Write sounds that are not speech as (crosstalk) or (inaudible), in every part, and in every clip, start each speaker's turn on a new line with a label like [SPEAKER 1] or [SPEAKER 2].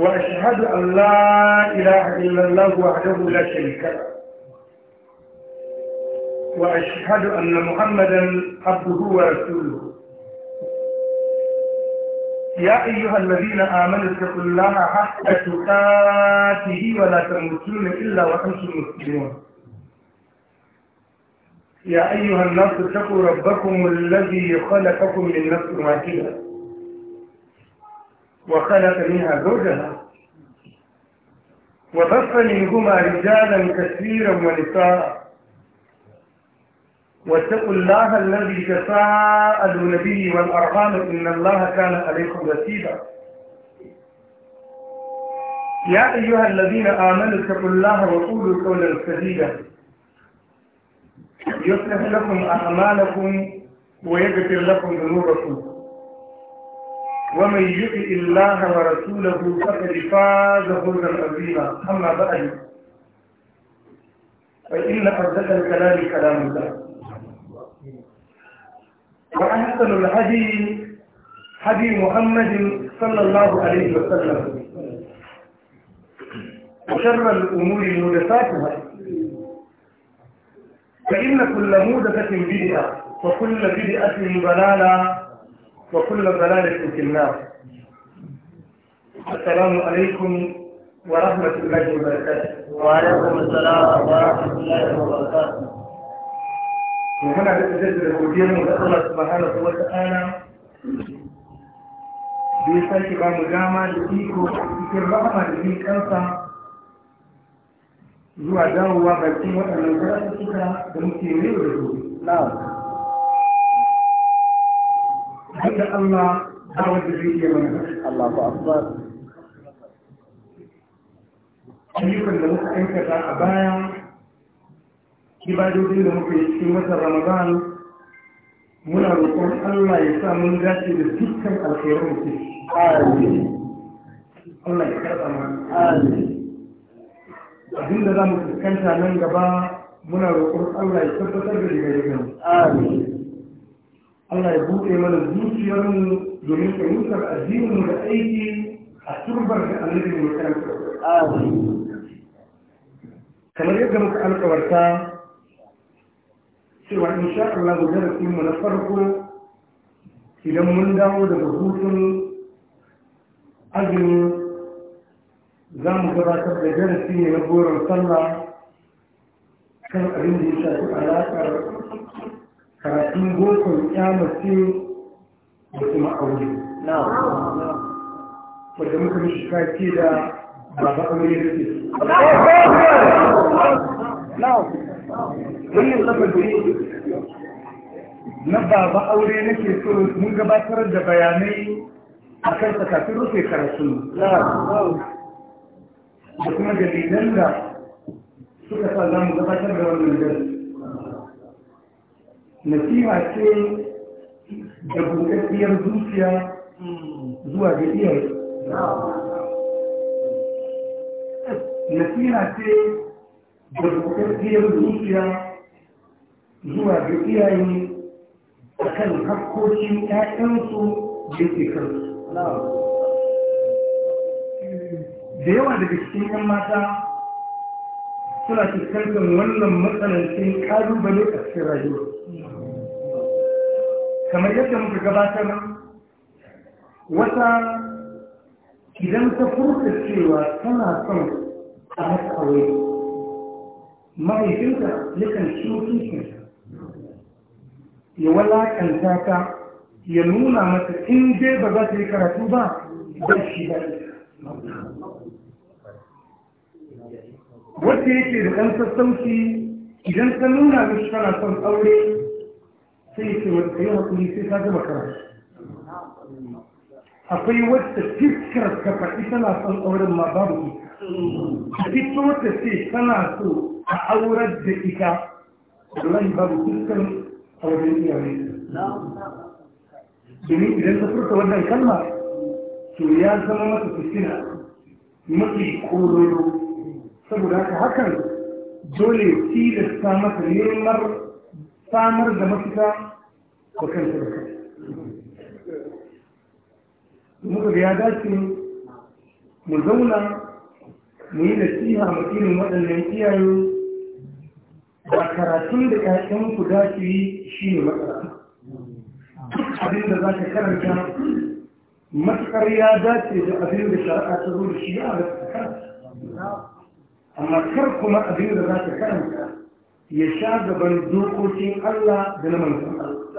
[SPEAKER 1] وأشهد أن لا إله إلا الله وحده لا شريك له وأشهد أن محمدا عبده ورسوله يا أيها الذين آمنوا اتقوا الله حق تقاته ولا تموتون إلا وأنتم مسلمون يا أيها الناس اتقوا ربكم الذي خلقكم من نفس واحدة وخلق منها زوجها وبث منهما رجالا كثيرا ونساء واتقوا الله الذي تساءلون به والارحام ان الله كان عليكم رسيبا يا ايها الذين امنوا اتقوا الله وقولوا قولا سديدا يصلح لكم اعمالكم ويغفر لكم ذنوبكم ومن يطع الله ورسوله فقد فاز فوزا عظيما اما بعد فان اردت الكلام كلام الله واحسن الهدي هدي محمد صلى الله عليه وسلم وشر الامور محدثاتها فان كل محدثه بدعه وكل بدعه ضلاله وكل ضلالة في النار السلام عليكم ورحمة الله وبركاته وعليكم السلام ورحمة الله وبركاته وهنا بتجدد من الله سبحانه وتعالى da ya sake لديكو mu dama لديك iko cikin rahama da jin kansa zuwa dawowa bakin wanda Allah ba wanda zai iya mana Allahu akbar ayyukan da muka aikata a baya ibadodin da muka yi cikin watan Ramadan muna roƙon Allah ya sa mun dace da dukkan alkhairar mutum amin Allah ya karɓa mana amin abinda za mu fuskanta nan gaba muna roƙon Allah ya tabbatar da daga daga amin Allah ya buɗe mana zuciyar mu domin fahimtar addinin da aiki a turbar da annabi mu karanta. Kamar yadda muka alkawarta cewa insha Allah mu mu na farko idan mun dawo daga hutun azumi za mu gabatar da darasi ne na goron sallah kan abin da ya shafi alaƙar karatun bokon kyamace da kuma aure wadda muka mishi kake da baba aure da ke wannan na baba aure nake so mun gabatar da bayanai a kan kafin rufe karatu da kuma dalilan da suka sa za mu gabatar da wannan nasiha ce da bukakkiyar zuciya zuwa ga iyaye nasiha ce da bukakkiyar zuciya zuwa ga iyaye a kan hakkokin ‘ya'yansu da ke da yawa daga cikin ‘yan mata suna fuskantar wannan matsanancin ƙalubale a cikin rayuwa kamar yadda muka gabatar wata idan ta furta cewa tana son a mata aure mahaifinta yakan kan shi. ya walakanta ta ya nuna mata in dai ba za ta yi karatu ba ba shi ba wata yake da ɗan sassauci idan ta nuna mishi tana son aure sai ce wata yi hakuri sai ka gama karatu akwai wata fiskar ka faɗi tana son auren ma babu ita a ita wata ce tana so a aurar da ita wallahi babu fiskar auren iyaye domin idan ta furta wannan kalma to ya zama mata fiskina mafi kororo saboda haka hakan dole tilasta mata neman samar da mafita wa kansa da kansa muka ga ya dace mu zauna mu yi nasiha mu irin waɗannan iyaye ba karatun da ƴaƴan ku za su yi shi ne matsala abin da za ka karanta matuƙar ya dace da abin da shari'a ta zo da shi ya halatta karanta amma kar kuma abin da za ka karanta ya sha gaban dokokin Allah da na manzon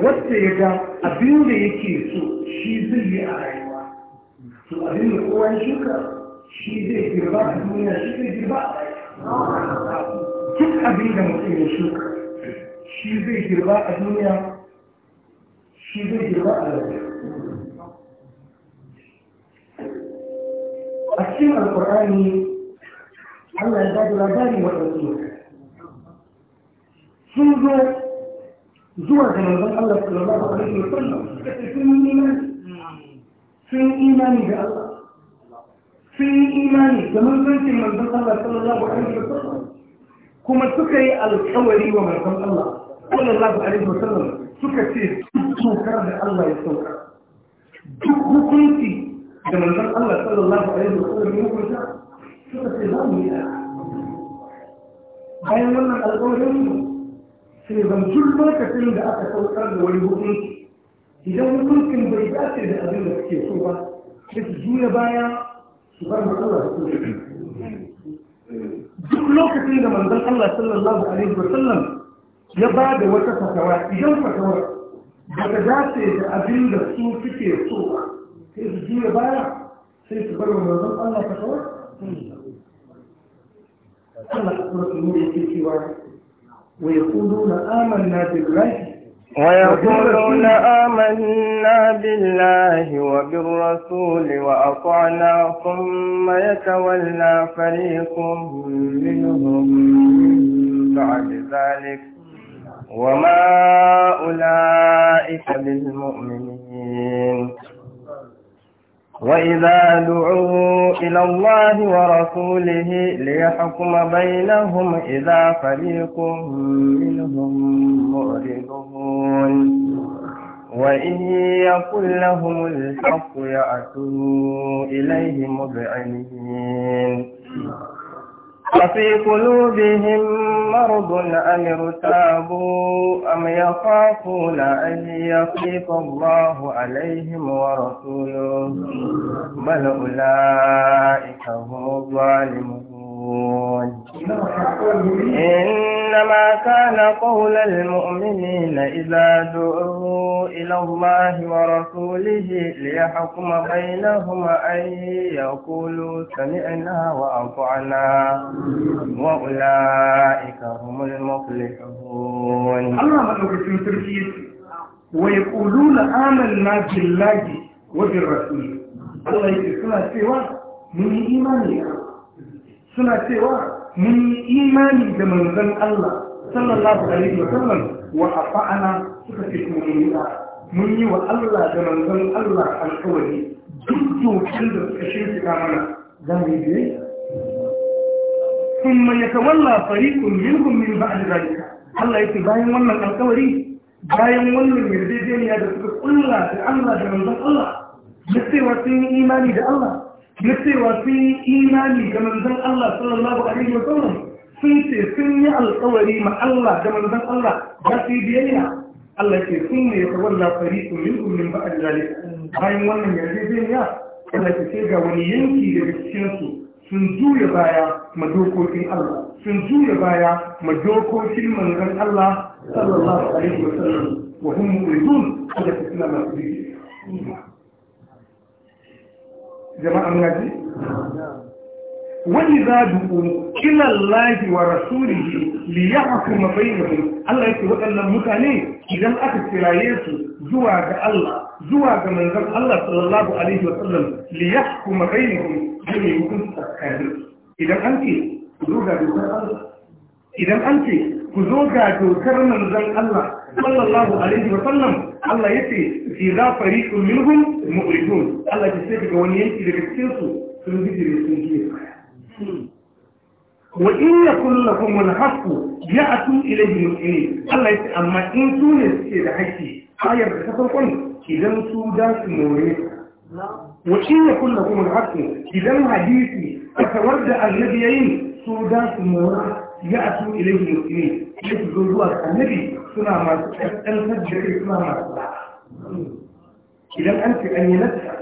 [SPEAKER 1] wanda ya ga abin da yake so shi zai yi a rayuwa to abin da kowa shuka shi zai girba a duniya shi zai girba duk abin da mutum ya shuka shi zai girba a duniya shi zai girba a rayuwa a cikin alkur'ani Allah ya ba da labarin waɗansu sun zo zuwa ga manzon Allah sallallahu alaihi wa sallam sun imani sun imani da Allah sun imani da manzancin manzon Allah sallallahu alaihi wa sallam kuma suka yi alƙawari wa manzon Allah sallallahu alaihi wa sallam suka ce sukar da Allah ya sauka duk hukunci da manzon Allah sallallahu alaihi wa sallam ya hukunta suka ce za mu yi bayan wannan alƙawarin mu sai zancin lokacin da aka saukar da wani hukunci idan hukuncin bai dace da abin da kake so ba sai su juya baya su bar matsala da kuma duk lokacin da manzon Allah sallallahu alaihi wa sallam ya ba da wata fatawa idan fatawar ba ta dace da abin da su suke so ba sai su juya baya sai su bar manzon Allah fatawar Allah a suratul nur yake cewa ويقولون آمنا بالله ويقولون
[SPEAKER 2] آمنا بالله وبالرسول وأطعنا ثم يتولى فريق منهم من بعد ذلك وما أولئك بالمؤمنين وإذا دعوا إلى الله ورسوله ليحكم بينهم إذا فريق منهم معرضون وإن يقل لهم الحق يأتوا إليه مبعنين أفي قلوبهم مرض أم ارتابوا أم يخافون أن يخيف الله عليهم ورسوله بل أولئك هم الظالمون يعملون إنما كان قول المؤمنين إذا دعوا إلى الله ورسوله ليحكم بينهما أن يقولوا سمعنا وأطعنا وأولئك هم المفلحون
[SPEAKER 1] ويقولون آمنا بالله وبالرسول الله يقول سوى من إيماننا suna cewa mun yi imani da manzon Allah sallallahu alaihi wa sallam wa afa'ana suka ce kuma mun yi mun yi wa Allah da manzon Allah alƙawari duk dokin da suka suka mana za mu yi biyayya ya tawalla فريق minhum min ba'd ذلك Allah yake bayan wannan alƙawari, bayan wannan yarjejeniya da suka kulla da Allah da manzon Allah da cewa sun yi imani da Allah na cewa sun yi imani ga manzon Allah sallallahu alaihi wa sallam sun ce sun yi alƙawari ma Allah da manzon Allah ba su yi biyayya Allah ke sun ne ya su yi minhum ba a jale bayan wannan yarjejeniya Allah ke ce ga wani yanki daga cikin su sun juya baya ma dokokin Allah sun juya baya ma dokokin manzon Allah sallallahu alaihi wa sallam wa hum muridun Allah ke suna masu biyayya jama'a muna ji wani za duku ilallahi wa rasulihi li ya hukuma bainahum Allah yake waɗannan mutane idan aka kiraye su zuwa ga Allah zuwa ga manzan Allah sallallahu alaihi wa sallam li ya hukuma bainahum zai hukunci tsakanin idan an ce ku zo ga dokar Allah idan an ce ku zo ga dokar manzon Allah sallallahu alaihi wa sallam Allah ya ce fi za fari minhum mu'ridun Allah ya ce daga wani yanki daga cikin su sun bijire sun ji wa in ya kulla kuma yakun lahum al-haqqu ya'tu ilayhi mutane. Allah ya ce amma in su ne suke da haƙƙi ayar da ta farkon idan su da su more wa in ya kulla kuma na hasku idan hadisi a tawar da annabiyayin su da su more ya su ilaihi musulmi ya su zo zuwa annabi suna masu ƙasƙantar da kai suna masu ba idan an fi an yi nasta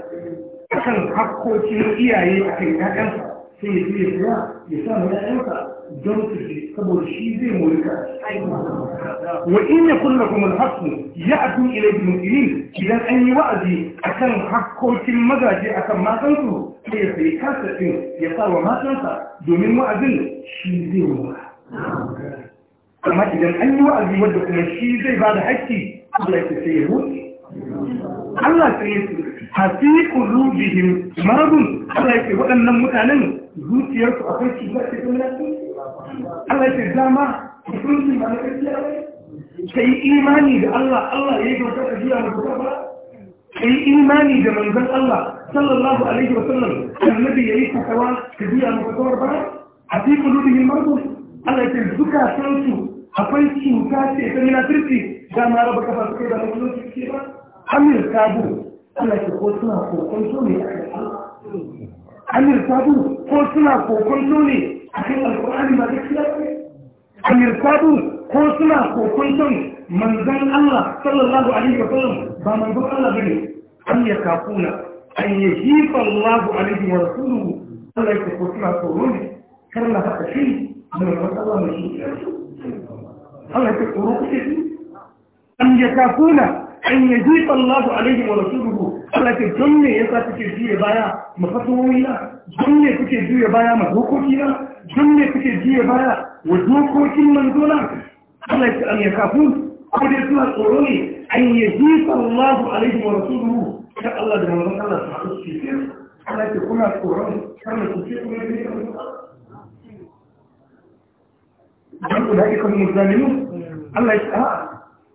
[SPEAKER 1] a kan hakkokin iyaye a kan ƴaƴansa sai ya je ya saya ya sa ma ƴaƴansa don su ji saboda shi zai mulka wa in ya kulla kuma alhaqqu ya atu ilaihi musulmi idan an yi wa'azi a kan hakkokin mazaje a kan matansu sai ya sayi kasa ɗin ya sa wa matansa domin wa'azin shi zai mulka amma idan an yi wa'azi wadda kuma shi zai ba da haƙƙi Allah ya sai ya wuce Allah sai ya su hafi jihin maradun Allah ya ce waɗannan mutanen zuciyarsu akwai ba ce kuma Allah ya ce dama musulunci ba na gaskiya ka yi imani da Allah Allah ya yi wata ka jiya mutuka ba yi imani da manzan Allah sallallahu alaihi wa sallam annabi yayi takawa ka jiya mutuka ba hafi jihin maradun Allah ke zukatansu akwai cuta ce ta minafirci da ma raba kafa su kai da musulunci ke ba amir sabu Allah ke ko suna kokonto ne a kan amir sabu ko suna kokonto ne a kan alkur'ani ba gaskiya ba amir sabu ko suna kokonto ne manzon Allah sallallahu alaihi wa sallam ba manzon Allah bane an ya kafuna an yahifa Allah alaihi wa rasuluhu Allah ke ko suna tsoro ne kar na haka shi mai matsala mai shi Allah ya tsoro kuke su an ya kafuna an ya ji sallahu alaihi wa rasuluhu Allah ke don ne sa suke juye baya ma fasowi na don ne suke juye baya ma dokoki na don ne kuke juye baya wa dokokin manzo na Allah ke an ya kafun ko dai suna tsoro ne an ya ji sallahu alaihi wa rasuluhu ta Allah da manzon Allah su haɗu su ce ke kuna tsoron kar na kuke kuma ne dan ulaika hum zalimun Allah ya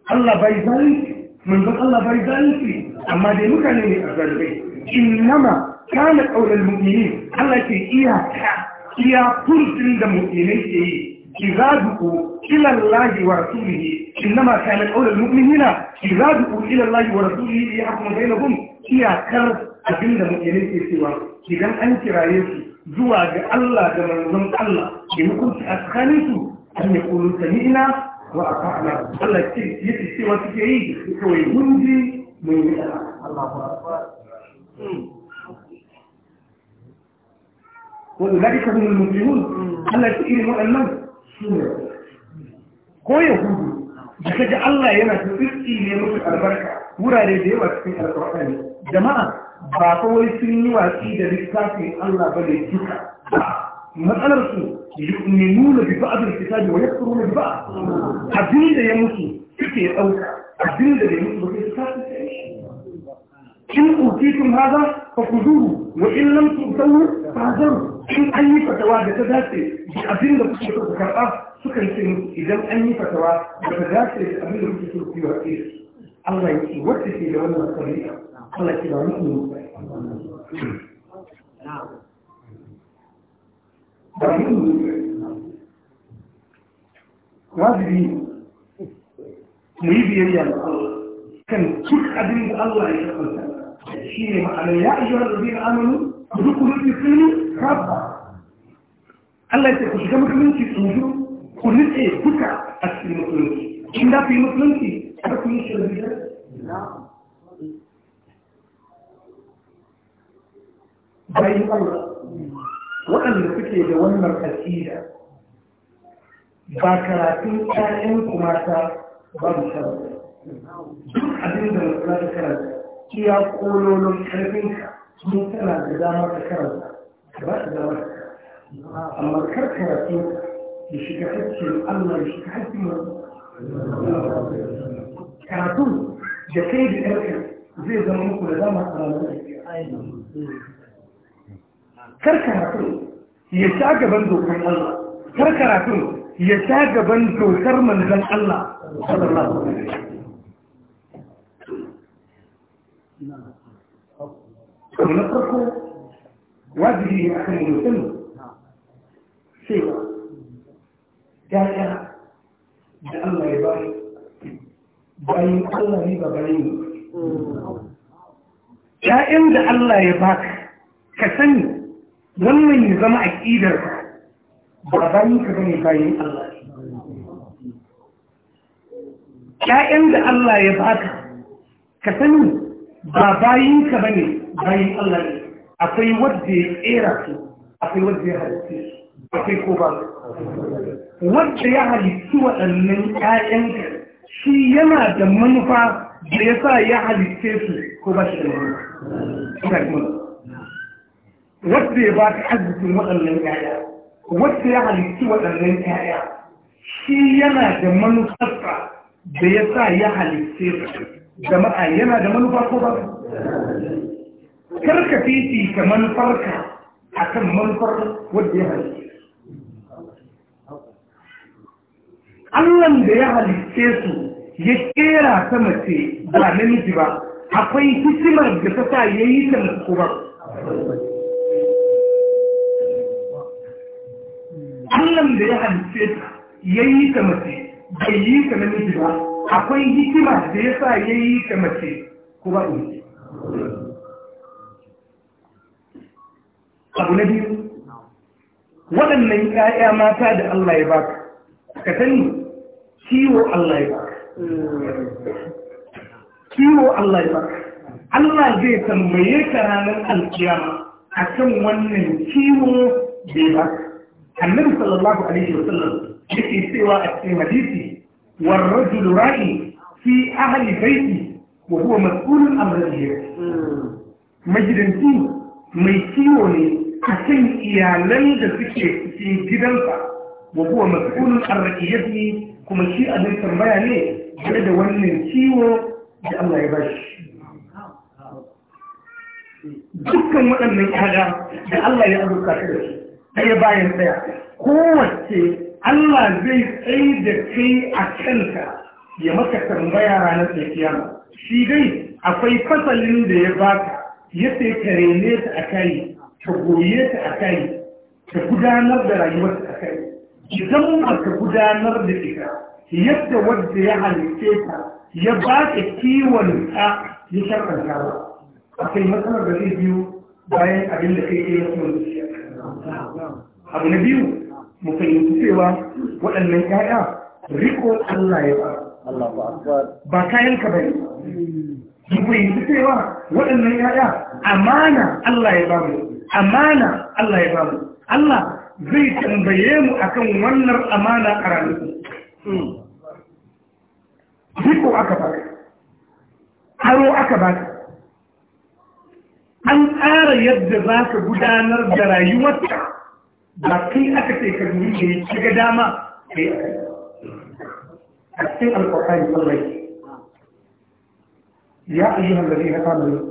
[SPEAKER 1] Allah bai zalunci manzon Allah bai zalunci amma dai mutane ne a In nama kana ƙaunar mu'minin Allah ke iya iya furtin da mu'minai ke yi إذا دعوا إلى الله ورسوله إنما كان قول المؤمنين إذا دعوا إلى الله da ليحكم بينهم هي Idan an kiraye su, zuwa ga Allah da زواج Allah, من الله a tsakaninsu? an ya kulu sami'na wa ata'na Allah ce yake cewa suke yi kawai mun ji mun yi ba Allahu akbar وذلك هم المسلمون Allah ce irin waɗannan su ne ko yahudu da kaji Allah yana su tsirki ne musu albarka wurare da yawa cikin alƙur'ani jama'a ba kawai sun yi watsi da littafin Allah ba ne duka من أنا رسول يؤمنون ببعض الكتاب ويكفرون ببعض عبدين ده يا موسى فكر أو عبدين ده يا موسى إن أوتيتم هذا فخذوه وإن لم تؤتوه فاعذروا إن أني فتوى بتذاتي بأبين لكم شكر بكرة سكر سنة إذا أني فتوى بتذاتي بأبين لكم شكر في رئيس الله يوكي في جوانا الطريقة الله يوكي في جوانا الطريقة
[SPEAKER 2] نعم wajibi
[SPEAKER 1] mu yi biyayya da Allah kan duk abin da Allah ya kanta shi ne ma'ana ya ayyuhar rabbi na amanu ku duk kudu ki tsini kafa Allah ya ce ku shiga musulunci tsoju ku nutse duka a cikin musulunci in da ku yi musulunci a ku yi shirbi bayan Allah waɗanda suke da wannan aƙida ba karatun ƴaƴan kuma ta babu sharri duk abin da mutum ta karanta iya kololon ƙarfinka sun tana da damar ta karanta ba ta damar amma kar karatu ya shiga hakkin Allah ya shiga hakkin karatu da kai da ƴarka zai zama muku da dama a ranar kar karatun ya sha gaban dokar Allah kar karatun ya sha gaban dokar manzon Allah sallallahu alaihi wasallam abu na farko wajibi ne akan mutum cewa ya'ya da Allah ya bayi bayin Allah ne ba bayin ya'yan da Allah ya baka ka sani wannan ya zama a ƙidar ba bayan ka zama bayan Allah ƴaƴan da Allah ya baka ka sani ba bayan ka bane bayan Allah ne akwai wadda ya tsera su akwai wadda ya halitta su akwai ko ba wadda ya halittu waɗannan ƴaƴan shi yana da manufa da ya sa ya halitta su ko ba shi da manufa wadda ya ba ta arzikin waɗannan yaya wadda ya halitti waɗannan yaya shi yana da manufarsa da ya sa ya halitte da ma'a yana da manufa ko ba karka fifi ka manufarka a kan manufar wadda ya halitte Allahn da ya halitte su ya kera ta mace ba namiji ba akwai hikimar da ta sa ya yi ta mace wannan da ya halice ta ya yi ta mace bai yi ta namiji ba akwai hikima da ya sa ya yi ta mace kuma in abu na biyu waɗannan ƙaya mata da Allah ya baka ka sani kiwo Allah ya baka kiwo Allah ya baka Allah zai tambaye ka ranar alkiyama kan wannan kiwo da ya baka annabi sallallahu alaihi wa sallam yake cewa a cikin hadisi war rajul ra'i fi ahli baiti wa huwa mas'ulun an rajulih majidanci mai kiwo ne a kan iyalan da suke cikin gidansa wa huwa mas'ulun an rajulih kuma shi abin tambaya ne game da wannan kiwo da Allah ya bashi dukkan waɗannan kaga da Allah ya azurta shi ɗaya bayan ɗaya kowace Allah zai tsaye da kai a kanka ya maka tambaya ranar tsakiyama shi dai akwai fasalin da ya baka ya sai ka rene ta a kai ka goye ta a kai ka gudanar da rayuwar ta a kai idan ba ka gudanar da ita yadda wadda ya halitte ka ya ba ka kiwon ta ya shakar akwai matsalar da zai biyu bayan abin da kai ke yasu wani abu na biyu mu fahimci cewa waɗannan ƴaƴa riko Allah ya ba ba kayan ka bane mu fahimci cewa waɗannan ƴaƴa amana Allah ya ba mu amana Allah ya ba mu Allah zai tambaye mu akan wannan amana a ranar riko aka baka aro aka baka an tsara yadda za ka gudanar da rayuwarka ba kai aka ce ka zuri da ya shiga dama ka yi a cikin alƙwarƙari sun rai ya ayyuhan da zai na kamar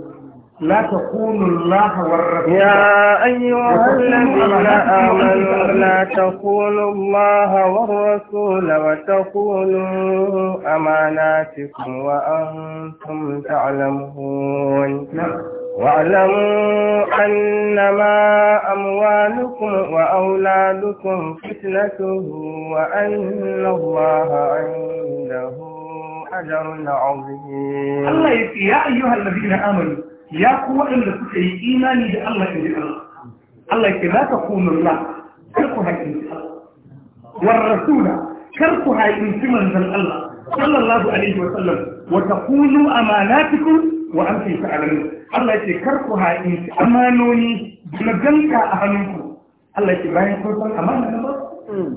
[SPEAKER 1] لا تقولوا الله والرسول يا أيها الذين آمنوا لا
[SPEAKER 2] تقولوا الله والرسول وتقولوا أماناتكم وأنتم تعلمون نعم. واعلموا أنما أموالكم وأولادكم فتنة وأن الله عنده أجر عظيم الله يا
[SPEAKER 1] أيها الذين آمنوا ya ku waɗanda suka yi imani da Allah in ji Allah Allah ke za ka kunu la kar ku haƙinci Allah war rasula kar ku haƙinci manzon Allah sallallahu alaihi wa sallam wa takunu amanatikum wa antum ta'lamun Allah ke kar ku haƙinci amanoni na ganka a hannunku Allah ke bayan kun san amana na ba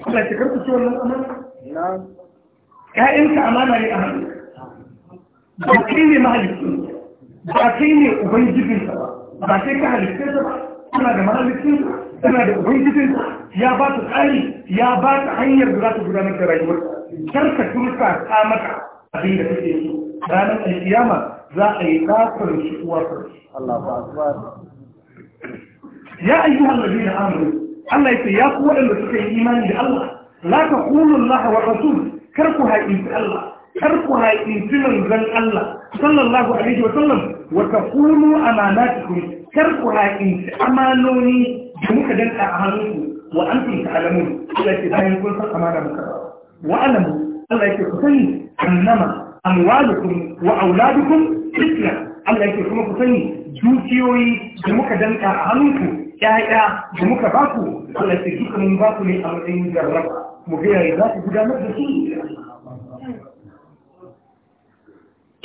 [SPEAKER 1] Allah ke kar ku ci wannan amana na'am amana ne a hannunka ba kai ne mahaliccin ba kai ne ubangijinsa ba ba sai ka halitta ba tana da mahalittun tana da ubangijin ya ba ta tsari ya ba ta hanyar da za ta gudanar da rayuwar kar ka turka ta maka abin da kake so ranar alkiyama za a yi kafin shi uwa Allah ba ba ya ayyuhal ladina amru Allah yake ya ku wadanda suka yi imani da Allah la qulu Allah wa rasul kar ku haƙi Allah kar ku haƙinci manzon Allah sallallahu alaihi wa sallam wa taqulu amanatukum kar ku haƙinci amanoni da muka danka a hannunku wa antum ta'lamun Allah ke bayan kun san amana muka wa alamu Allah yake ku sani annama amwalukum wa auladukum fitna Allah ke kuma ku sani dukiyoyi da muka danka a hannunku ƴaƴa da muka ba ku, Allah yake duka mun ba ku ne a matsayin jarraba mu ga yaya za ku gudanar da su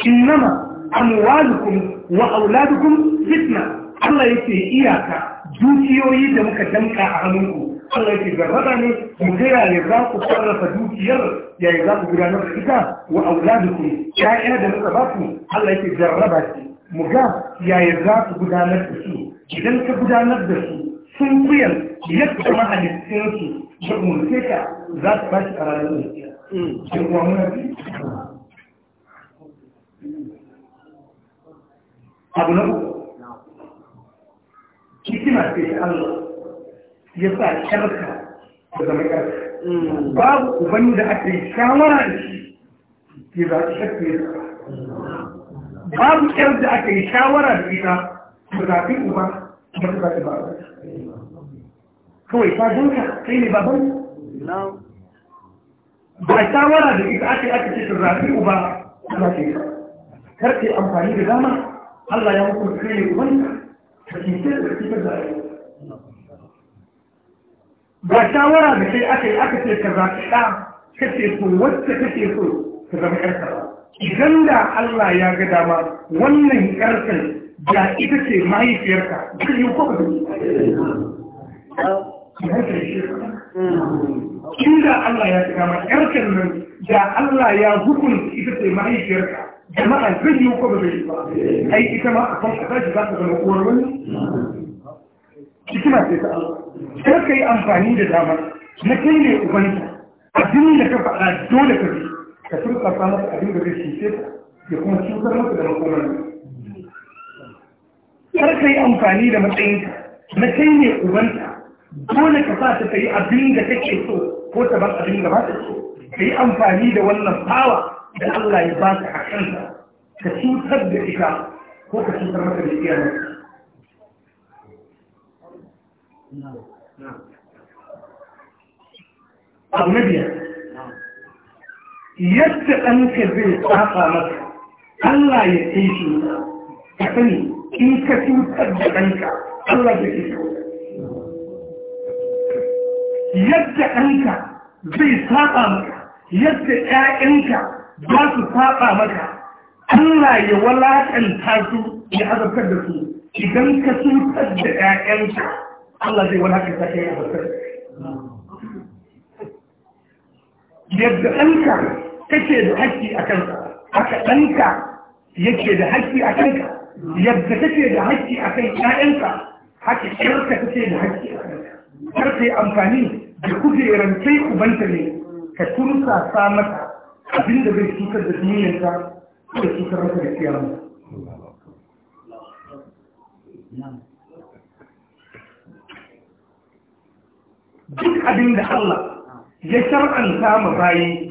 [SPEAKER 1] innama amwalukum wa auladukum fitna Allah yake iyaka dukiyoyi da muka danka a hannunku Allah yake garraba ne mu ga yaya za ku sarrafa dukiyar yaya za ku gudanar da ita wa auladukum ya'ya da muka ba ku Allah yake garraba ce mu ga yaya za ku gudanar da su idan ka gudanar da su sun kuyar yadda mahalittinsu da umurce ka za su ba a ranar abu na uku hikima ce Allah ya sa kyarka mm. da zama kyarka babu ubangi da ake shawara da shi ke za ki shakka ya babu kyar da aka shawara da ita ba za ki uba ba ta zaɓi ba kawai fadinka kai ne baban ba shawara da ita aka ake aka ce ta zaɓi uba ba za ki yi ba kar ke amfani da dama Allah ya da kare wanda ta kike da kike da ba shawara da kai aka yi aka ce ka zaɓi ɗa kake so wacce kake so ka zama ƴarka ba idan da Allah ya ga dama wannan ƴarkan da ita ce mahaifiyarka zai yi ko ba inda Allah ya ga dama ƴarkan nan da Allah ya hukunta ita ce mahaifiyarka jama'a zai yi ko ba zai yi ba ai ita ma a kan kasar shi ta zama uwar wani hikima ce ta Allah sai ka yi amfani da damar na kai ne ubanta abin da ka faɗa dole ka bi ka turka sa masa abin da zai shi ya kuma cutar masa da makomar kar ka yi amfani da matsayinka na kai ne ubanta dole ka sa ta yi abin da kake so ko ta ban abin da ba ta so ka yi amfani da wannan fawa ان الله يبان تحكمها كسود هب الإشاء هو كسود رمك الإيانة أبو نبيا يتقنك بالطاقة مك الله يعيش يعني إن كسود هب عنك الله يعيش يتقنك بالطاقة مك انك za su saba maka Allah ya walakanta su ya azabtar da su idan ka cutar da ‘ya'yanka Allah zai walakanta ka ya azabtar yadda ɗanka kake da haƙƙi a kanka haka ɗanka yake da haƙƙi a kanka yadda kake da haƙƙi a kan ‘ya'yanka haka ƙyarka kake da haƙƙi a kanka kar ka yi amfani da kujerar sai ubanta ne ka tursa sa mata abin da bai cutar da duniyarsa ko da cutar masa da kiyama duk abin da Allah ya shar'anta ma bayi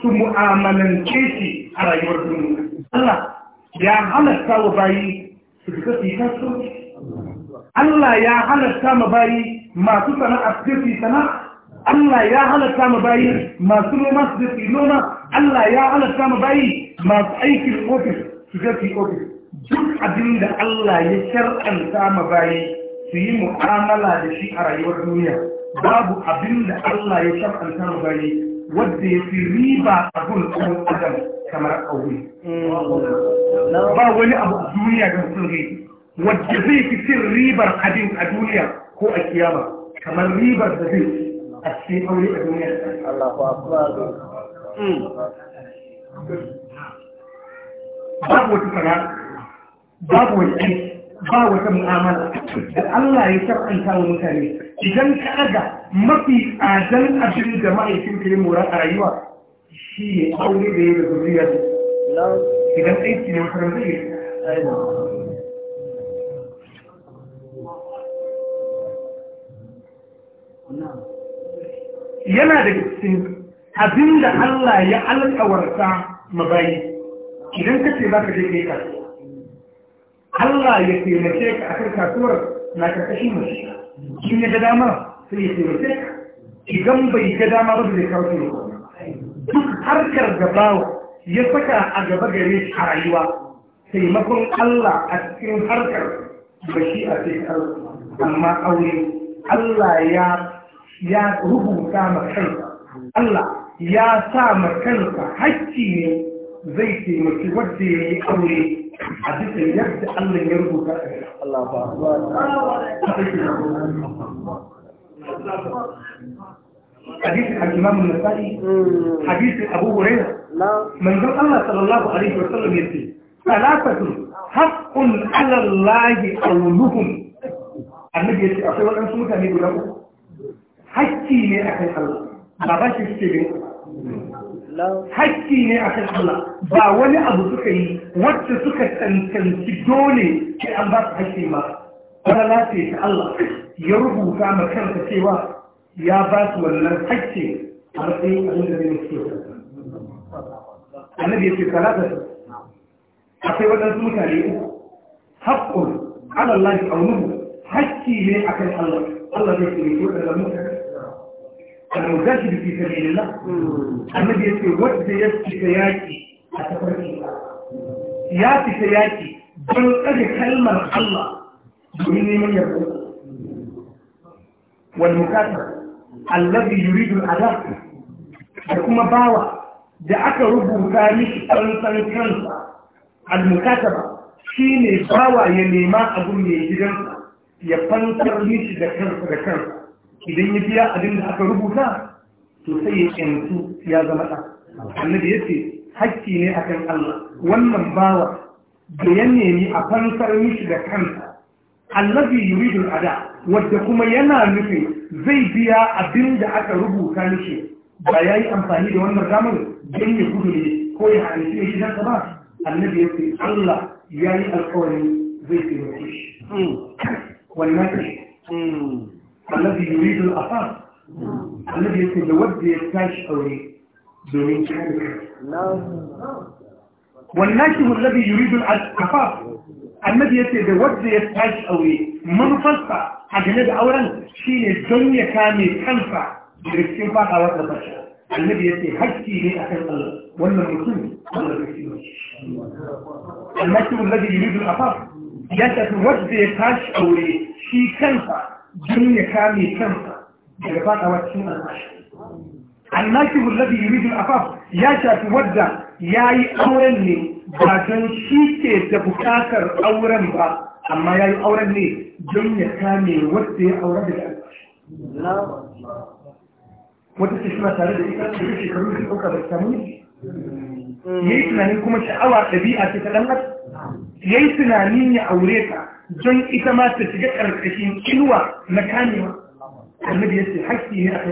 [SPEAKER 1] su mu'amalance shi a rayuwar duniya Allah ya halatta wa bayi su fi kasu. yi Allah ya halatta ma bayi masu sana'a su yi sana'a Allah ya halatta ma bayi masu noma su je noma Allah ya halatta ma bayi masu aikin ofis su je su ofis duk abin da Allah ya shar'anta ma bayi su yi mu'amala da shi a rayuwar duniya babu abin da Allah ya shar'anta ma bayi wadda ya fi riba abun ɗan adam kamar aure ba wani abu a duniya da mutum zai wanda zai fi cin ribar abin a duniya ko a kiyama kamar ribar da zai a cikin aure a duniya Allahu akbar hmm. babu wata sana'a babu wani aiki ba wata mu'amala da Allah ya shar'anta wa mutane idan ka aga mafi tsadan abin da ma'aikin ka yi a rayuwa shi ne aure da ya da zuriyar idan aiki ne makaranta ne No. yana da cikin abin da Allah ya alƙawarta mabayi idan ka ce za ka je kai kasuwa Allah ya taimake ka akan kasuwar na karkashin mace shi ya ga dama sai ya taimake ka idan bai ga dama ba zai kawo ne duk harkar da bawa ya saka a gaba gare shi a rayuwa taimakon Allah a cikin harkar ba shi a sai amma aure Allah ya ya rubuta ma kansa Allah ya sa ma kansa hakki ne zai taimaki wadda ya yi aure a bisa yadda Allah ya rubuta a Allah ba حديث الإمام النسائي حديث أبو هريرة من ذو الله صلى الله عليه وسلم يقول ثلاثة حق على الله قولهم النبي يقول أقول أن سمك أن يقول hakki ne akan Allah ba ba shi suke bin hakki ne akan Allah ba wani abu suka yi wacce suka tantanci dole sai an ba su hakki ba wala lafiya ta Allah ya rubuta ma kansa cewa ya ba su wannan hakki a matsayin abin da zai suke annabi ya ce salata akwai waɗansu mutane uku haƙƙun ala Allah ya kaunuhu hakki ne akan Allah Allah zai ce ne ko da mutane al’adarsu da ke sami lalla annabi ya ce wadda ya fita yaƙi a tafarki ya fita yaƙi don tsaje kalmar Allah domin neman yarda wani mukatar allabi yuridun ala da kuma bawa da aka rubuta miki tsantsan kansa al-mukatab shi ne bawa ya nema abun mai gidansa ya fantar miki da kansa da kansa idan ya biya abin da aka rubuta to sai ya yantu ya zama ɗa annabi ya ce hakki ne akan Allah wannan bawa da ya nemi a fansar mishi da kansa allazi a ada wadda kuma yana nufin zai biya abin da aka rubuta mishi ba ya yi amfani da wannan damar don ya gudu ne ko ya halitta ya gidansa ba annabi ya ce Allah ya yi alkawari zai taimake shi hmm. wannan hmm. الذي يريد الأثار الذي يتجود يحتاج أولي دونين كامل والناشئ الذي يريد الكفاف الذي يتجود يحتاج أولي من فلسة أجنب أولا شيء الدنيا كامل خلفة برسكين فاقا وقت النبي يتي حكي لي أخي الله ولا المسلم ولا المسلم الناشئ الذي يريد الأثار يتجود يحتاج أولي شيء كنفة don ya kame kansa daga faɗawa cikin almashi annaki hulladi yuridul afaf ya shafi wadda ya yi auren ne ba don shi ke da bukatar auren ba amma ya yi auren ne don ya kame wadda ya aure daga almashi wata ce suna tare da ita da shekaru da ɗauka da samu ne ya yi tunanin kuma sha'awa ɗabi'a ce ta ɗan ya yi tunanin ya aure ta don ita ma ta shiga ƙarƙashin inuwa na kamewa annabi ya ce haƙƙi ne a kan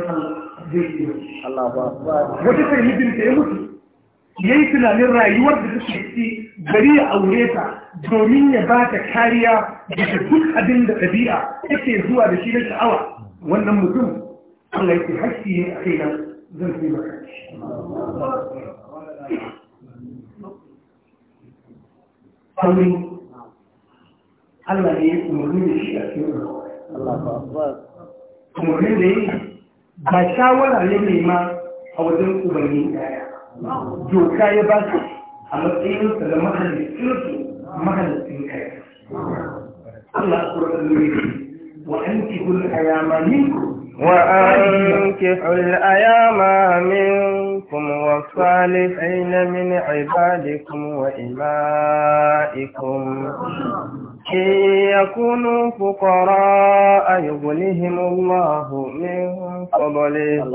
[SPEAKER 1] Allah wata sahibin ta ya mutu ya yi tunanin rayuwar da take ci gari ya aure ta domin ya ba ta kariya daga duk abin da ɗabi'a yake zuwa da shi na sha'awa wannan mutum Allah ya ce haƙƙi ne a kai nan zan fi maka Allah ne ya umarni da shi a cikin umarni da yi ba shawara ya ma a wajen daya doka ya ba su a matsayinsa da kai Allah ku
[SPEAKER 2] وأنكحوا الأيام منكم والصالحين من عبادكم وإمائكم إن يكونوا فقراء يغنهم الله من فضله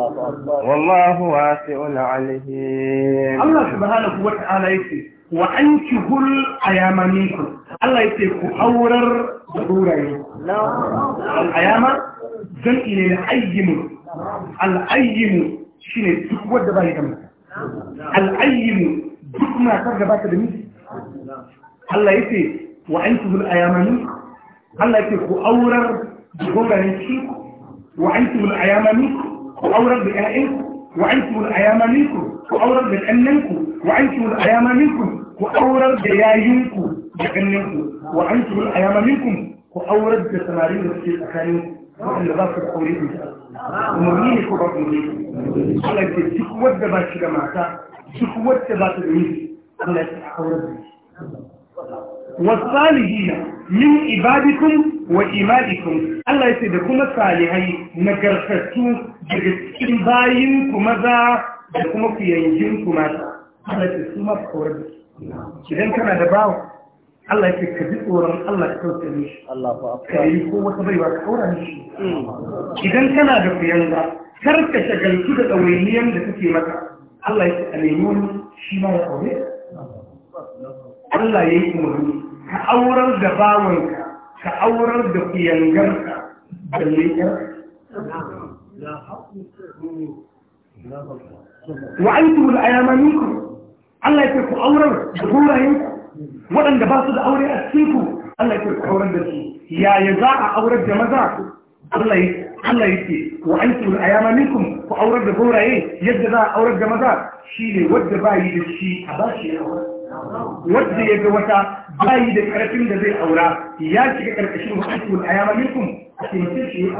[SPEAKER 2] والله واسع عليم الله
[SPEAKER 1] سبحانه وتعالى يقول وأنكه الأيام منكم الله يقول أورر ضروري الأيام زن إلى الأيم الأيم شنو تقوى دبا يدمك الأيم دكما ترجع بات دمي الله يقول وعيسو الأيامني هل يتخو أورر بغبانيكي وعيسو الأيامني أورر بإهائيك وعيسو الأيامني أورر بإنيك وعيسو الأيامني أورر بإيايينك بإنيك وعيسو الأيامني أورر بتماريب في الأخانيك وعلى ذات الحولي إن شاء الله ومرنيني كبير مريك هل يتخوة بباشرة معتا تخوة بباشرة معتا هل يتخوة بباشرة معتا Thank you. wasalihina min ibadikum wa imadikum Allah yace da kuma salihai na nagartattu daga cikin bayin ku maza da kuma kuyayin ku mata Allah yace su ma kawar da idan kana da bawa Allah yace ka ji tsoron Allah ka kauce shi. Allah fa ka yi ko wata baiwa ka kaura mishi idan kana da kuyanga kar ka shagaltu da dawainiyan da kake maka Allah yace a nemi wani shi ma ya aure Allah ya yi umarni ka aurar da bawanka ka aurar da kuyangarka balle wa an tumul ayama minkum Allah ya ku aurar da gurayenku waɗanda ba su da aure a cikinku Allah ya ku aurar da su yaya za a aurar da maza Allah ya Allah yake wa antum ayama minkum ku aurar da gauraye yadda za a aurar da maza Shi ne wadda ba yi da shi a ba shi ya aurar wanda ya ga wata bayi da karfin da zai aura ya shiga karkashin hukuncin ayyama minkum a cikin shi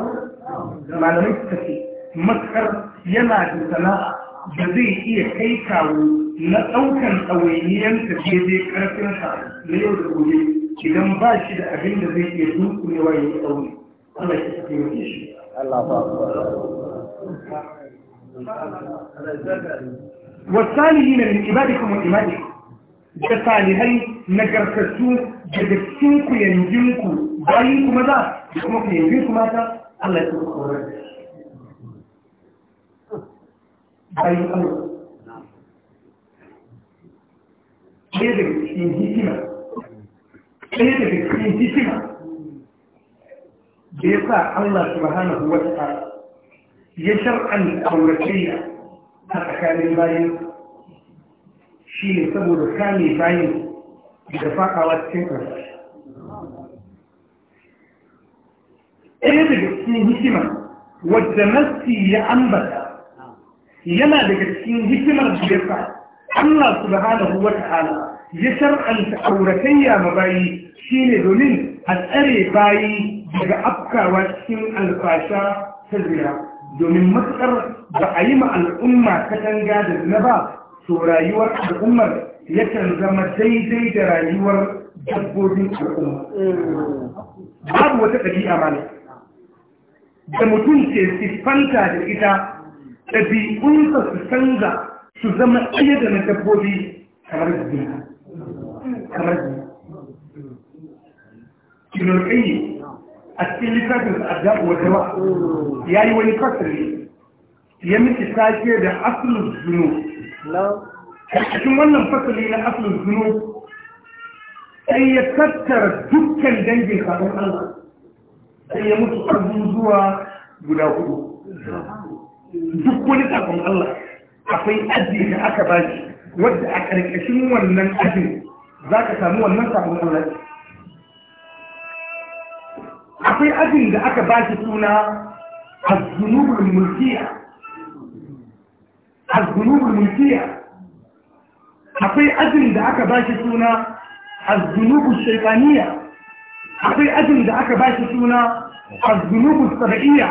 [SPEAKER 1] malamai suka ce matsar yana da sana'a da zai iya kai kawo na ɗaukan ɗawainiyar ta daidai karfinsa na yau da gobe idan ba shi da abin da zai iya dunkulewa ya yi tsauni Allah ya taimake shi Allah ba والثاني من عبادكم وإمامكم da salihai nagartattu daga cikin ku yanjinku bayan ku maza da kuma ku yanjin ku mata Allah ya kuma kaurar da bayan Allah ɗaya daga cikin hikima ɗaya daga cikin hikima da ya sa Allah subhanahu wa ta'ala ya shar'an auratayya a tsakanin bayan shi ne saboda kame bayan da faɗawa cikin ƙarfi ɗaya daga cikin hikima wadda nassi ya ambata yana daga cikin hikimar da ya sa Allah subhanahu wa ta'ala ya shar'anta auratayya ma bayi shi ne domin a tsare bayi daga afkawa cikin alfasha ta zira domin matsar ba a yi ma al'umma katanga da na ba to rayuwar al'ummar yakan zama daidai da rayuwar dabbobin al'umma babu wata ɗabi'a mana da mutum ke siffanta da ita ɗabi'unsa su canza su zama ɗaya da na dabbobi kamar jina kamar jina kinurƙayi a cikin littafin al'adabu wata ba ya yi wani fasari ya miki sake da asulun zinu. a cikin wannan fasali na asalin zuno sai ya tattara dukkan dangin sabon Allah sai ya mutu zuwa guda hudu duk wani sabon Allah akwai aji da aka bashi wadda a ƙarƙashin wannan ajin za ka samu wannan sabon Allah akwai ajin da aka bashi suna a azzunubul mulkiya az mulkiya akwai ajin da aka bashi suna az-zunubul shaytaniya akwai ajin da aka bashi suna az saba'iya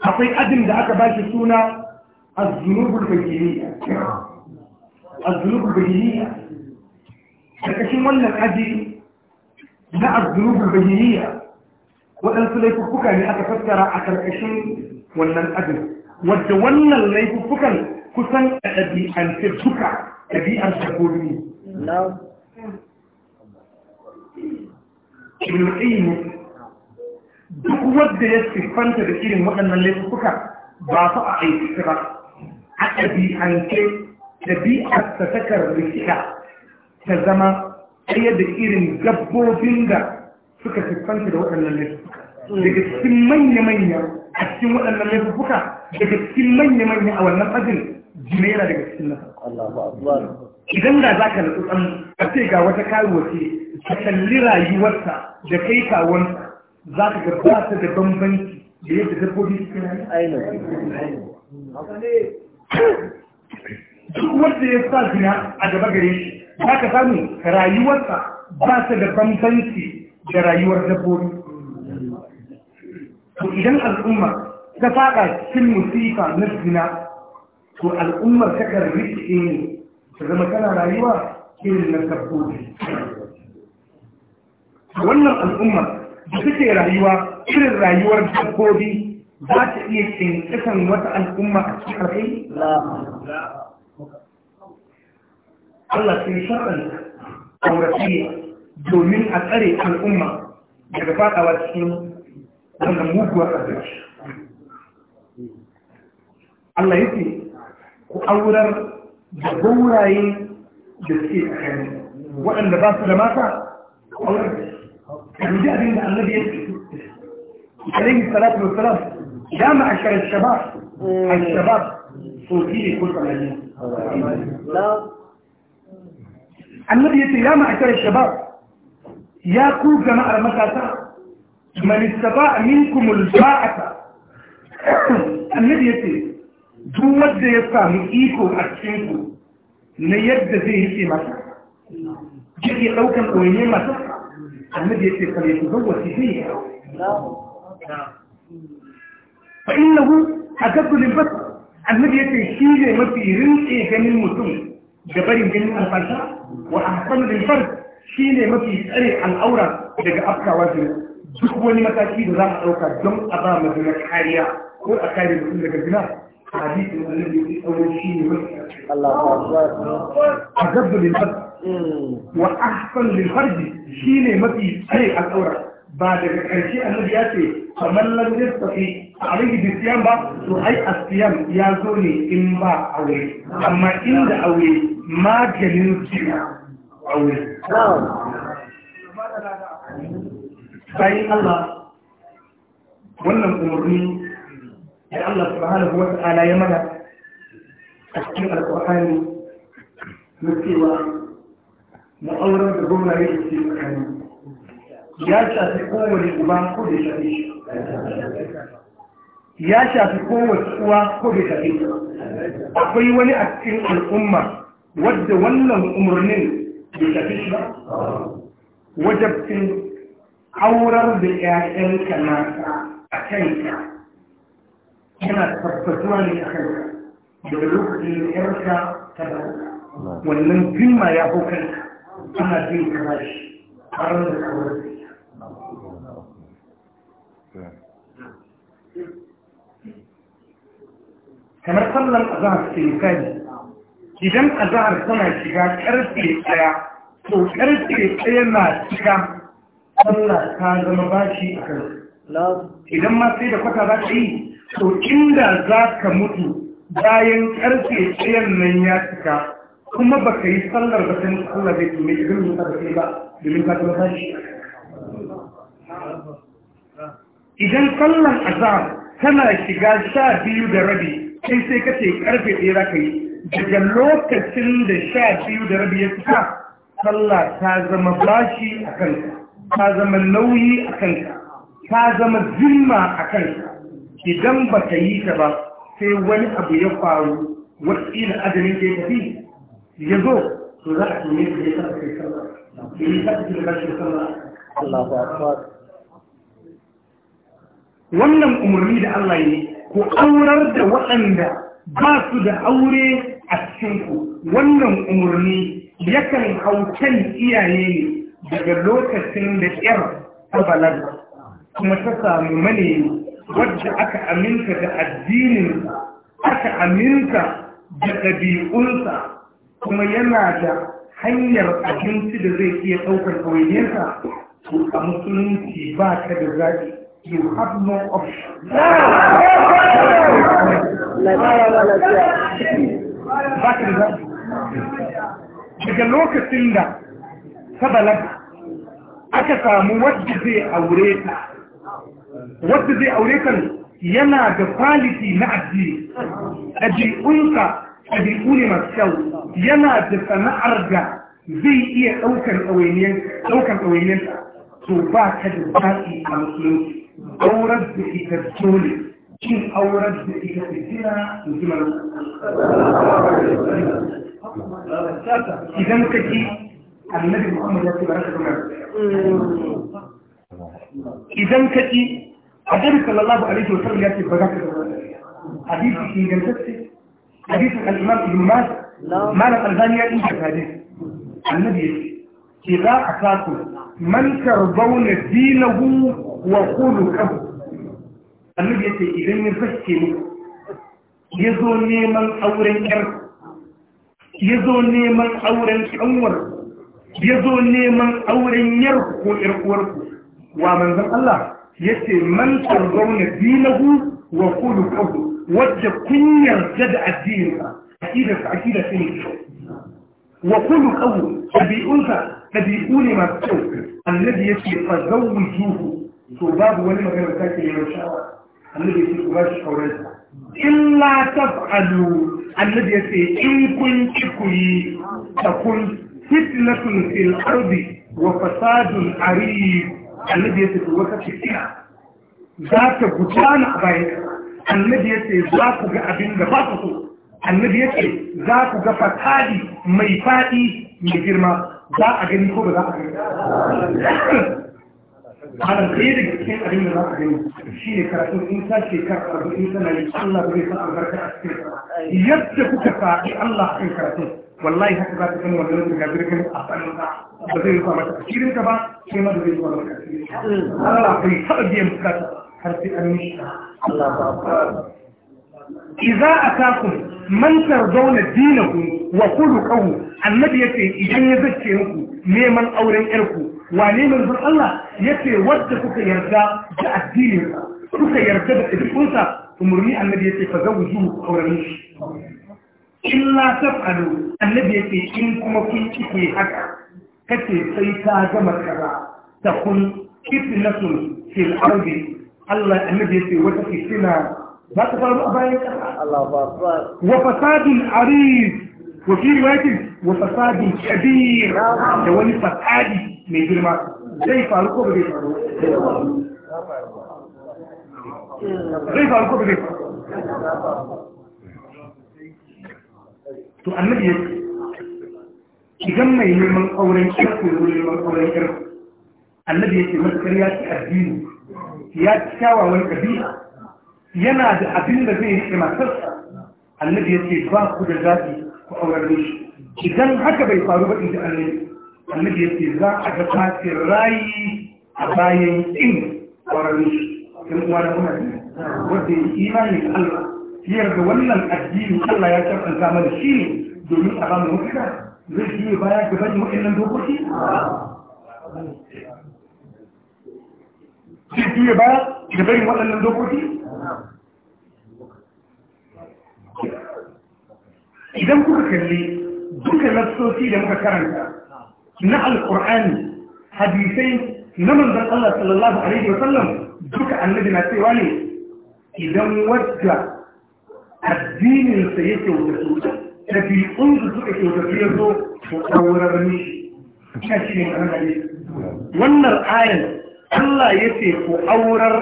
[SPEAKER 1] akwai ajin da aka bashi suna az-zunubul bayyiniyya az-zunubul wannan aji na az-zunubul waɗansu laifuffuka ne aka fassara a karkashin wannan ajin wadda wannan laifuffukan kusan a ɗabi'ance duka ɗabi'ar dabbobi ibn duk wadda ya siffanta da irin waɗannan laifuka ba su a aiki ba a ɗabi'ance ɗabi'ar ta takar rikita ta zama ɗaya da irin dabbobin da suka siffanta da waɗannan laifuka daga cikin manya-manya a cikin waɗannan laifuka daga cikin manya-manya a wannan ajin jini yana daga cikin nasa idan da za ka nutsu tsan ka ce ga wata karuwa ce ka kalli rayuwarsa da kai kawonsa za ka gaba ba ta da bambanci da yadda dabbobi suke rayuwa duk wanda ya sa zina a gaba gare shi za ka samu rayuwarsa ba ta da bambanci da rayuwar dabbobi idan al'umma ta faɗa cikin musifa na zina to al'ummar takan rikice ne ta zama tana rayuwa irin na sabbobi wannan al'ummar da suke rayuwa irin rayuwar dabbobi za ta iya tsinkisan wata al'umma a cikin ƙarfi? Allah sai shaɗan auratiya domin a tsare al'umma daga faɗawa cikin wannan muguwar ƙarfi. Allah yake وأورر جبورة جسيت يعني وأن الراس لما فا أورر يعني جاء أن النبي عليه الصلاة والسلام يا معشر الشباب الشباب صوتي كل من النبي يقول يا معشر الشباب يا كل جماعة المساسة من استطاع منكم الباعة (coughs) النبي يقول duk wadda ya samu iko a cikinku, na yadda zai yi masa yake ɗaukan ɗoyi masa annabi ya ce kare ku zan wasi zai yi fa a akadu lil bas annabi ya ce shi ne mafi rinke ganin mutum da barin ganin alfasha wa ahsanu lil far shi ne mafi tsare al'aura daga afkawa jini duk wani mataki da za a ɗauka don a ba mu kariya ko a kare mutum daga zina حديث الذي أول شيء الله أكبر أجب للفرد وأحسن للفرد شيء ما في شيء الأورا بعد كرشي الذي يأتي فمن لم يستطيع عليه بالصيام با أي الصيام يا زوني إن با أوي أما إن دا أوي ما جنين صيام أوي bayan Allah wannan umarni da Allah subhanahu wa ta'ala ya mana a cikin alƙur'ani na cewa na auren da gwamna ya ce tsakani ya shafi kowane uba ko da shafi shi ya shafi kowace uwa ko da shafi shi akwai wani a cikin al'umma wadda wannan umarnin bai shafi shi ba wajabcin aurar da 'ya'yanka nasa a kanka yana tabbatuwa ne a kanka daga lokacin da yarka ta bauta wannan jimma ya hau kanka ana jin ka bashi har da kawar da ita kamar sallan azahar ke misali idan azahar tana shiga karfe daya to karfe daya na shiga sallah ta zama bashi a kanka idan ma sai da kwata za ta yi to inda za ka mutu bayan karfe tsayan nan ya cika kuma ba ka yi sallar ba ta mutu Allah da kuma ka gudun da kai ba domin ka ta mata shi idan sallar azhar tana shiga sha biyu da rabi sai sai ka ce karfe tsaye za ka yi daga lokacin da sha biyu da rabi ya cika sallah ta zama bashi a kanka ta zama nauyi a kanka ta zama zimma a kanka idan ba ka yi ta ba sai wani abu ya faru wakila ajalin da ya tafi ya zo to za a tuni ka yi ta kai sallah da yi ta kai sallah Allah ba wannan umarni da Allah yi ku aurar da waɗanda ba su da aure a cikinku wannan umarni yakan hau kan iyaye ne daga lokacin da ƙyar ta balaga kuma ta samu manemi wadda aka aminta da addinin, aka aminta da ɗabi'unsa kuma yana da hanyar abinci da zai iya ɗaukar ɗawainiyarsa to a musulunci ba ta da zaɓi you have no option da daga lokacin da ta balaga aka samu wadda zai aure ta wadda zai aure kan yana da kwaliti na addini ɗabi'unsa ɗabi'u ne masu kyau yana da sana'ar da zai iya ɗaukar ɗawainiyarsa to ba ka da zaɓi a musulunci aurar da ita dole cin aurar da ita fitina zumar idan kake annabi muhammad ya ce baraka idan kake Addini sallallahu alaihi wa sallam ya ce ba za ka zama hadisi ingantacce hadisi al-imam ibn mas malam al-zani ya inda hadisi annabi ya ce za a sako man karbauna dinahu wa khuluqahu annabi ya ce idan ya fashe ne ya zo neman auren yar ko yar uwar wa manzon Allah Ya ce man tarzauna dinahu wa khuluquhu wadda kun yarda da addininsa aqida ta aqida ce ne wa khuluquhu tabi'unsa Ɗabi'u ne masu kyau annabi yace fa zawwijuhu to babu wani magana ta ke yin shawara annabi ce ku ba shi aurensa illa taf'alu annabi ce in kun ci ku yi takun fitnatun fil ardi wa fasadun arif annabi ya ce wata fitina za ta gudana a bayan ƙasa annabi ya ce za ku ga abin da ba ku so annabi ya ce za ku ga fasadi mai faɗi mai girma za a gani ko ba za a gani ana ɗaya daga cikin abin da za a gani shi ne karatun in ta shekara arba'in tana yi allah zai sa albarka a cikin yadda kuka faɗi allah kan karatun wallahi haka za ta san wannan da daga kan a sanin ka ba zai yi rufa mata asirin ka ba sai ma da zai rufa mata asirin ka Allah bai taɓa biyan bukata har sai an mishi Allah ba idza atakum man tardawna dinahu wa khuluquhu annabi yace idan ya zace muku neman auren yarku wane ne manzon Allah yace wadda kuka yarda da addinin kuka yarda da ɗabi'unsa umarni annabi yace fa zawuju auren shi illa taf'alu annabi yake in kuma kun kike haka kace sai ta gama kaza ta kun sun fil ardi Allah annabi yake wata fitina za ta faru a bayan kasa Allah akbar wa fasadun arif wa fi wa kabir da wani fasadi mai girma zai faru ko bai faru
[SPEAKER 2] zai faru ko faru
[SPEAKER 1] to annabi ya ce idan mai neman auren ƙarfi ko neman auren ƙarfi annabi ya ce matuƙar ya ci addini ya ci kyawawan ƙabila yana da abin da zai rike matarsa annabi ya ce ba ku da zaɓi ku auren da shi idan haka bai faru ba inda annabi annabi ya ce za a ga fatin rayi a bayan ƙin auren da shi ɗan uwa da kuma ne wanda imanin imani Allah siyar da wannan addini Allah ya karɓanta mana shi ne domin a bamu mafita zai shi baya ga bani wa'annan dokoki zai shi baya ga bani waɗannan dokoki idan kuka kalli duka nassosi da muka karanta na alƙur'ani hadisai na manzan Allah sallallahu alaihi wasallam duka annabi na cewa ne idan wadda addininsa ya kyautatu ɗabi'un da suka kyautatu ya zo ko ɗaurar mishi ina shi ne a nan wannan ayan Allah ya ce ko aurar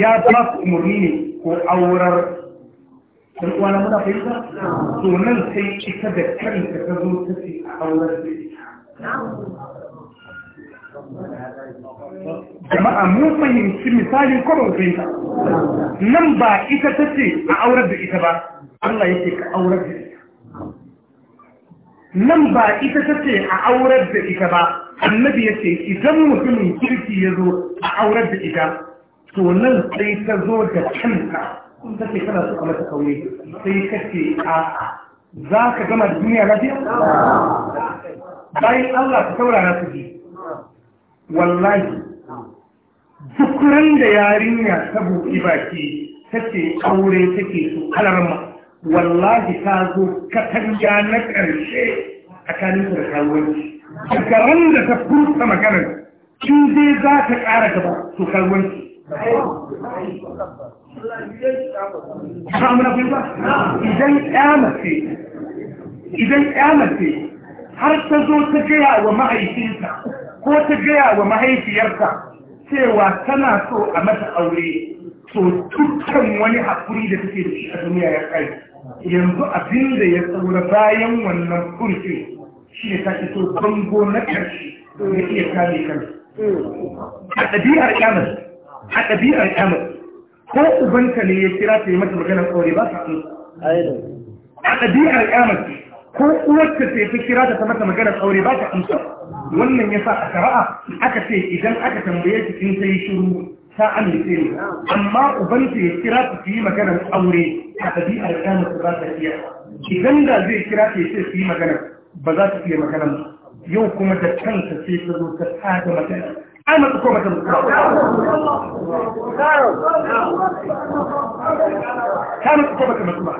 [SPEAKER 1] ya ba su umarni ne ko aurar
[SPEAKER 2] dan uwana muna fahimta to nan
[SPEAKER 1] sai ita da kanta ta zo ta ce a aurar da ita jama'a mun fahimci misalin ko ba nan ba ita ta ce a aurar da ita ba Allah yake ka aurar da ita nan ba ita ta ce a aurar da ita ba annabi ya ce idan mutumin kirki ya zo a aurar da ita to nan sai ta zo da kanta ta ce kana so a mata kaune sai ka ce a'a za ka gama da duniya lafiya bayan Allah ta saurara su ji wallahi duk ran da yarinya ta buɗi baki take aure take su alarma wallahi ta zo katanga na ƙarshe a kanin da kawunci daga ran da ta furta maganar in dai za ta ƙara gaba to kawunci idan ƙyamace idan ƙyamace har ta zo ta gaya wa mahaifinta ko ta gaya wa mahaifiyarta cewa tana so a mata aure to dukkan wani haƙuri da take da shi a duniya ya kai yanzu abin da ya saura bayan wannan kurfin shi ne ta iso bango na ƙarshe ya iya kame kan a ɗabi'ar ƙyamar a ɗabi'ar ƙyamar ko ubanta ne ya kira ta yi mata maganar aure ba ta a ɗabi'ar ƙyamar ko uwarta ce ta kira ta mata maganar aure ba ta amsa wannan ya sa a shara'a? aka ce idan aka tambaye ki in sai shiru ta amince ne amma ubanta ya kira ku yi maganar aure a ɗabi'ar ɗanar ba ta iya idan da zai kira ta ce ku yi magana ba za ku iya magana. yau kuma da kanta sai ta zo ta tada magana ana ta kuma ta mutu ta mutu kuma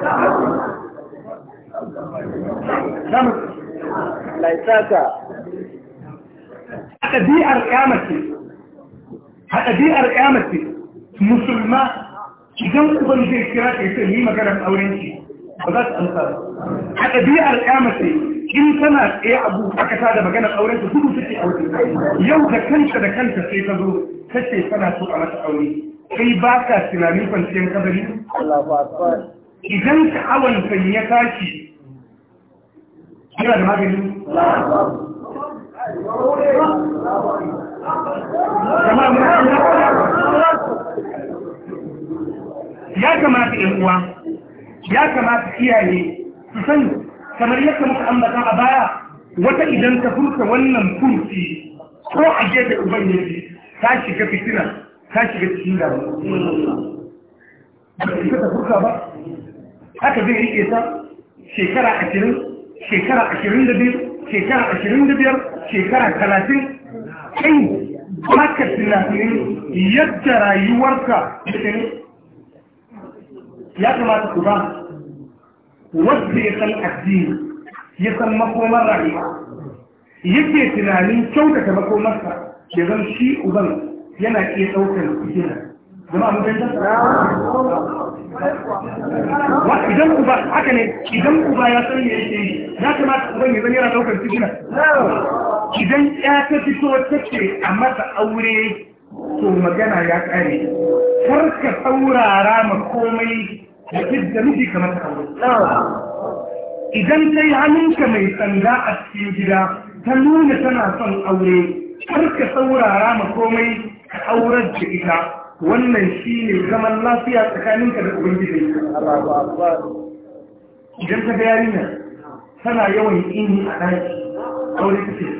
[SPEAKER 1] ta mutu ba a ɗabi'ar ƙyamace a musulma idan uban zai kira ka yi ni maganar aurenki ba za su amsa a ɗabi'ar ƙyamace in tana tsaye abu aka ta da maganar aurenki gudu suke aure yau da kanta da kanta sai ta zo ta ce tana so a mata aure sai ba ka tunanin kwanciyar kabari idan ka sha'awan ya tashi yana da magani ya kamata ‘yan uwa ya kamata iyaye su sani kamar yadda muka ambata a baya wata idan ta furta wannan furci ko a gefe ubangiji ta shiga fitina ta shiga cikin damu ba ta furta ba haka zai rike ta shekara ashirin shekara ashirin da shekara ashirin da biyar shekara talatin kai baka tunanin yadda rayuwarka ya kamata ku ba wanda ya san addini ya san makomar rayuwa yake tunanin kyautata makomarsa ya zan shi uban yana iya ɗaukar kujina zama mutum wa idan ba, haka ne idan ba ya san me yake yi ya kamata uban ya zan yana ɗaukar kujina idan ya ta fito ta take a masa aure to magana ya kare kar ka saurara ma komai da da nufi ka masa aure idan ta yi hannunka mai sanda a cikin gida ta nuna tana son aure kar saurara ma komai ka aurar da ita wannan shi ne zaman lafiya tsakaninka da ubangiji idan ka ga yarinya tana yawan ini a ɗaki aure ce.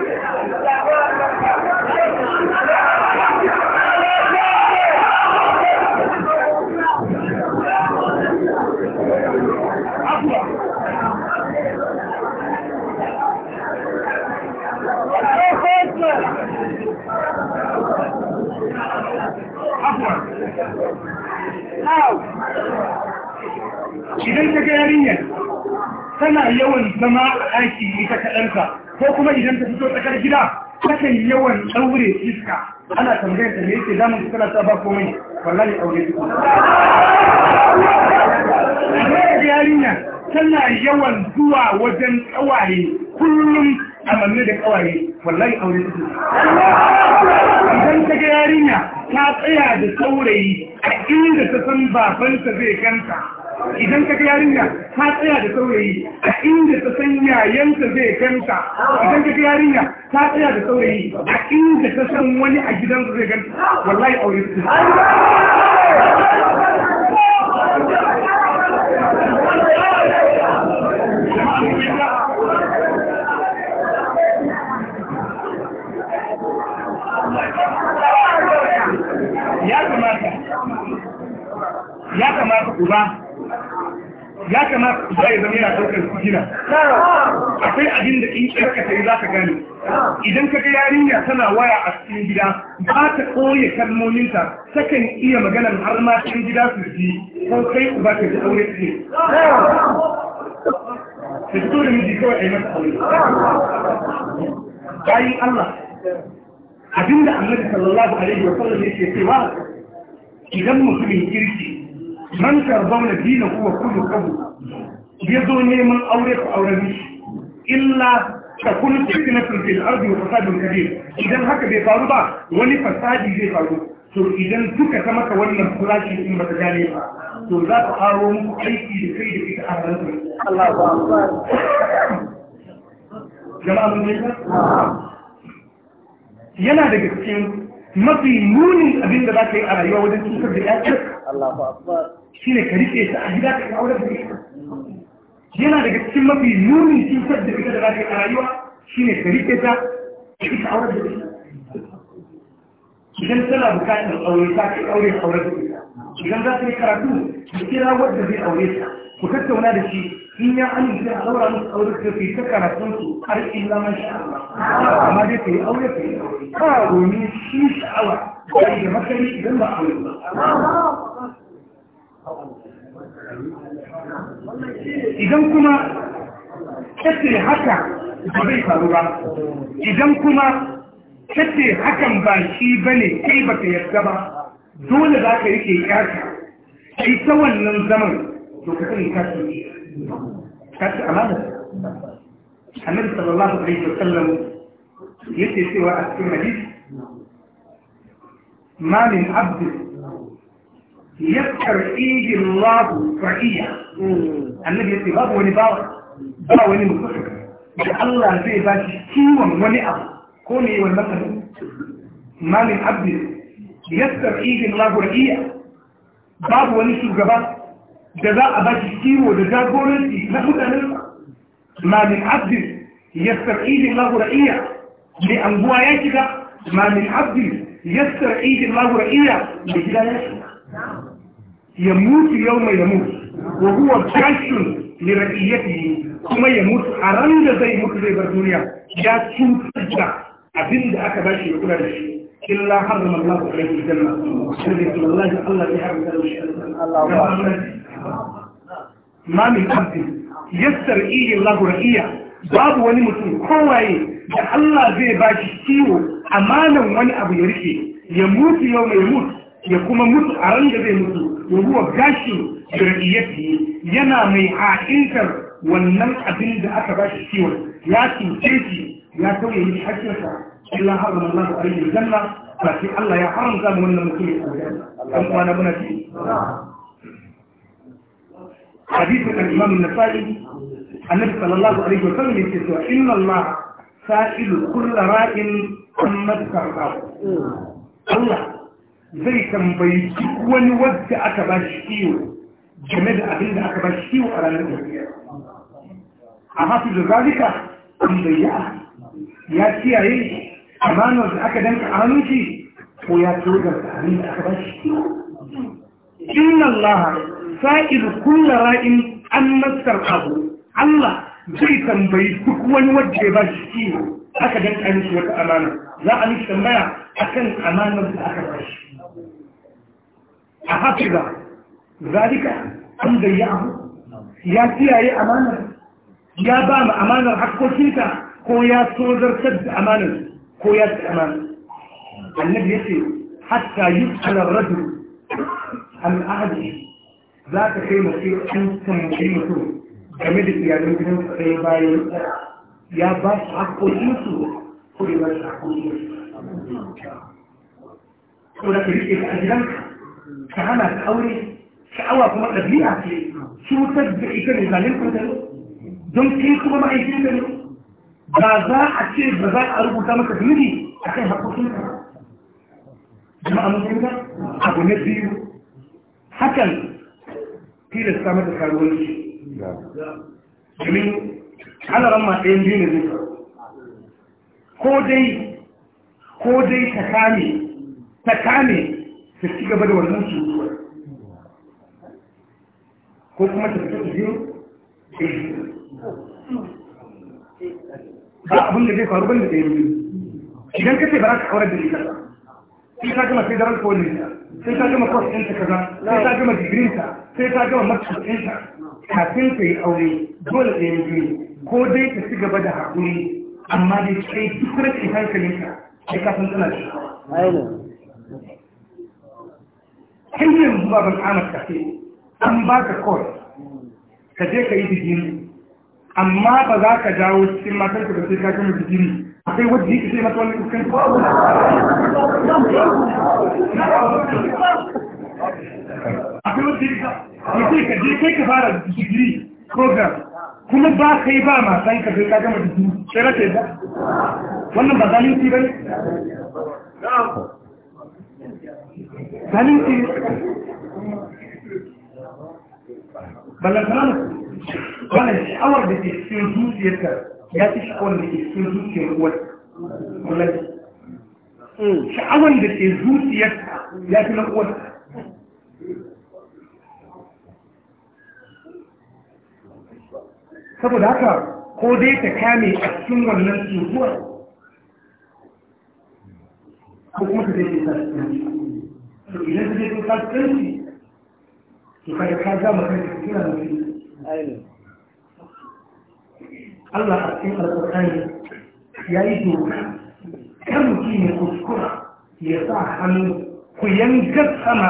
[SPEAKER 1] tana yawan zama a ɗaki ne ta ko kuma idan ta fito tsakar gida takan yawan ɗaure iska ana tambayar ta me yake damun su ta ba komai wallahi aure su ne yarinya tana yawan zuwa wajen ƙawaye kullum a manne da ƙawaye wallahi aure su idan ta ga yarinya ta tsaya da saurayi a inda ta san babanta zai kanta idan ka ga yarinya ta tsaya da saurayi a inda ta san yayansa zai ganta idan ka ga yarinya ta tsaya da saurayi a inda ta san wani a gidansa zai ganta wallahi aure su ya kamata ya kamata uba ya kamata ku ya zama yana daukar sikila akwai abin da in kirka za ka gane idan ka ga yarinya tana waya a cikin gida ba ta koye kalmominta takan iya maganar har ma cikin gida su ji ko kai uba ta aure ce ta fito da miji kawai a yi masa aure bayan Allah abinda Allah sallallahu alaihi wa sallam yake cewa idan mutumin kirki man tarzauna dinahu wa khuluquhu yazo neman aure ku aure mishi illa ka takun fitnatun fil ardi wa fasadun kabir idan haka bai faru ba wani fasadi zai faru to idan duka ta maka wannan furashi in ba ta gane ba to za ka aro muku aiki da kai da ita a ranar Allah ba jama'a mun yana daga cikin mafi munin abin da za ka yi a rayuwa wajen cutar da ƴaƴan Allah ba Shine ka rike ta a gida ka aure da shi yana daga cikin mafi nunin cutar da kake da zaka a rayuwa shi ne ka rike ta a ita aure da shi idan tana bukatar aure ta ka aure aure da shi idan za ta yi karatu ki kira wadda zai aure ta ku tattauna da shi in ya amince a aure musu aure ka fi ta karatun su har illa sha Allah amma dai ka yi aure ta yi aure ka domin shi sha'awa ko da makari idan ba aure ba idan kuma kace haka ba zai faru ba idan kuma kace hakan ba shi bane kai ka yarda ba dole za ka rike yarka sai ta wannan zaman to ka sani ka ci ka amana annabi sallallahu alaihi wasallam yake cewa a cikin hadisi ma min abdi يذكر فيه الله فرعيا الذي يأتي باب وني باب باب مكتوب الله زي باش سوى وني أب كوني والمثل ما من عبد يذكر فيه الله فرعيا باب وني شجبا جزاء باش سوى جزاء بورس لابد أن ما من عبد يذكر فيه الله فرعيا لأنبوا ما من عبد يستر فيه الله رئيه لجلال ya mutu yau mai ya mutu wa huwa kashun li yi. kuma ya mutu a ran da zai mutu zai bar duniya ya cutar da abin da aka bashi ya kula da shi illa harrama Allah alaihi janna shirri wallahi Allah ya haramta da shi Allah ma min abdi yastar'i Allah ra'iya babu wani mutum kowaye da Allah zai bashi ciwo amanan wani abu ya rike ya mutu yau mai mutu ya kuma mutu a ran da zai mutu ya ruwa gashin jirgiyyati yana mai ha'intar wannan abin da aka ba shi ciwon ya cuce shi ya tauye mishi hakkinsa illa harama Allah da arin janna ba sai Allah ya haramta mu wannan mutumin aljanna kan kuma na muna ci hadithu kan imam an-nasa'i annabi sallallahu alaihi wa sallam yake cewa inna Allah sa'ilu kullu ra'in amma tarqahu Allah zai tambayi duk wani wadda aka ba shi kiwo game da abin da aka ba shi kiwo a ranar da amma su da zalika an bayyana ya kiyaye amanar da aka danka aminci ko ya togar da abin da aka ba shi kiwo inna allaha sa'ir kullu ra'in an nasar abu allah zai tambayi duk wani wadda ya ba shi kiwo aka danka mishi wata amana za a mishi tambaya akan amanar da aka bashi a hafiza zalika an bayyana ya kiyaye amanar ya ba mu amanar hakkokinta ko ya tozartar da amanar ko ya ci amanar annabi ya ce hatta yi tsanar rajin al'adu za ka kai mace an tambayi mutum game da iyalin gidan tsaye bayan tsara ya ba su haƙoƙinsu ko da ba su
[SPEAKER 2] Ko da a gidanka,
[SPEAKER 1] ka hana ka aure, sha'awa kuma ɗabi'a cutar da ita ne kuma don kai kuma ma'aikin ka za a ce ba za a rubuta maka zunubi a kan haƙoƙinka. biyu. Hakan tilasta mata karuwanci. Domin ana ramma ɗayan biyu ne zai faru ko dai ko dai ta kame ta kame ta ci gaba da wannan cutuwar ko kuma ta fito ta biyu ba abin da zai faru ban da ɗayan biyu idan ka ce ba za ka kawar da ita sai ka gama sai da ranka wani sai ta gama kwas ɗinta kaza sai ta gama digirinta sai ta gama matsar ɗinta kafin ta yi aure dole ɗayan biyu ko dai ka ci gaba da haƙuri amma dai kai duk rashin hankalinka ai ka san tana shi kai yanzu ba ban ka ce, an ba ka kawai ka je ka yi digiri amma ba za ka dawo cikin matan ka sai ka kama digiri akwai wadda yake sai mata wani kuskan akwai wadda yake sai ka je kai ka fara digiri program kuma ba kai ba san ka sai ka gama da su sai rata ba, wannan ba zalunci ba ne zalunci ballantana shawar da ke cikin zuciyarka ya fi shawar da ke cikin zuciyar uwar hmm. sha'awar da ke zuciyarka ya fi na uwarka saboda haka ko dai ta kame a cikin wannan tsohuwa ko kuma ta daidai ta cikin to idan ta daidai ta cikin to kada ka za mu kai kira da shi Allah a cikin alƙur'ani ya yi doka kar mutum ya kuskura ya sa hannu ku yangar sama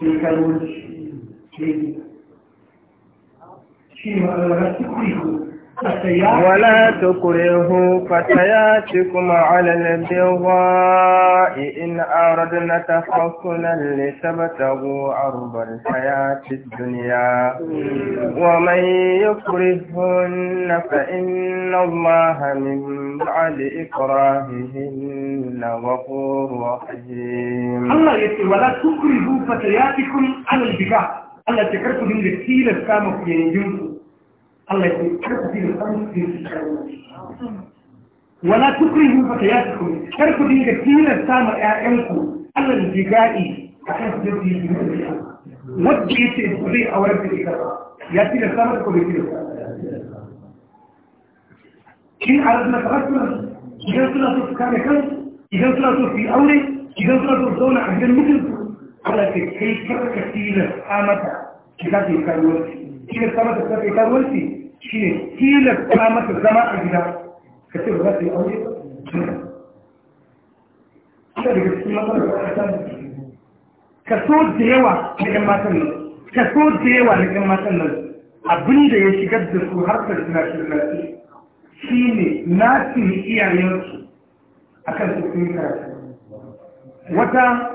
[SPEAKER 1] ke kalon ولا
[SPEAKER 2] تكرهوا فتياتكم على البغاء إن أردنا تحصنا لتبتغوا عرض الحياة الدنيا ومن يكرهن فإن الله من بعد إكراههن غفور رحيم الله يقول ولا تكرهوا
[SPEAKER 1] فتياتكم على البغاء Allah ta karku dinga tilasta muku yayin ku الله يقول كركوا دين الخمس دين ولا تكرهوا فتياتكم كركوا دين كثير السامر أعلمكم الله الجدائي أحيث دين دين ودي تبقي أو ربي إذا يأتي السامر كل دين إن أردنا تغسل إذا ثلاثة كان كنز إذا ثلاثة في أولي إذا ثلاثة زونة عند المثل على كي كركتين آمتا كتاب يكرمون tilasta mata ta kai karuwanci shi ne tilasta mata zama a gida ka ce ba za ta yi aure ba daga cikin matsalar da aka samu kaso da yawa na ‘yan matan nan da yawa na matan nan abin da ya shigar da su harkar suna shirnarsu shi ne na tuni iyayensu a kan su sun karatu wata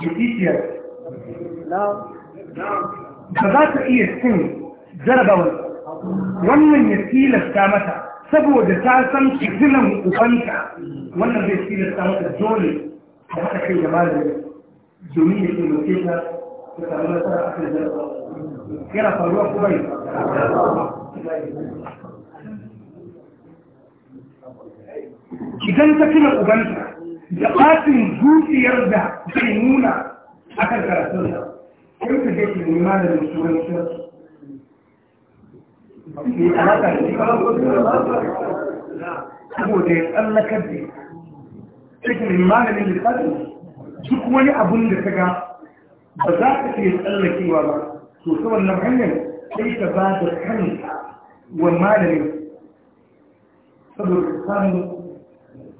[SPEAKER 1] jikitiyar ba za ta iya cin jarabawar wannan ya tilasta mata saboda ta san fitilan ubanta wannan zai tilasta mata dole da haka kai da malami domin ya taimake ta ta samu nasara a kan jarabawa yana faruwa ko bai idan ta tuna ubanta da ɓatin zuciyar da zai nuna a kan karatunsa sai ta je ki nemi malamin turancinsu ne da ya tsallakar da cikin lissafi duk wani abun da ta ga ba za ka iya tsallakewa ba to ta wannan hanyar sai ka ba da kan wa malamin saboda samun samu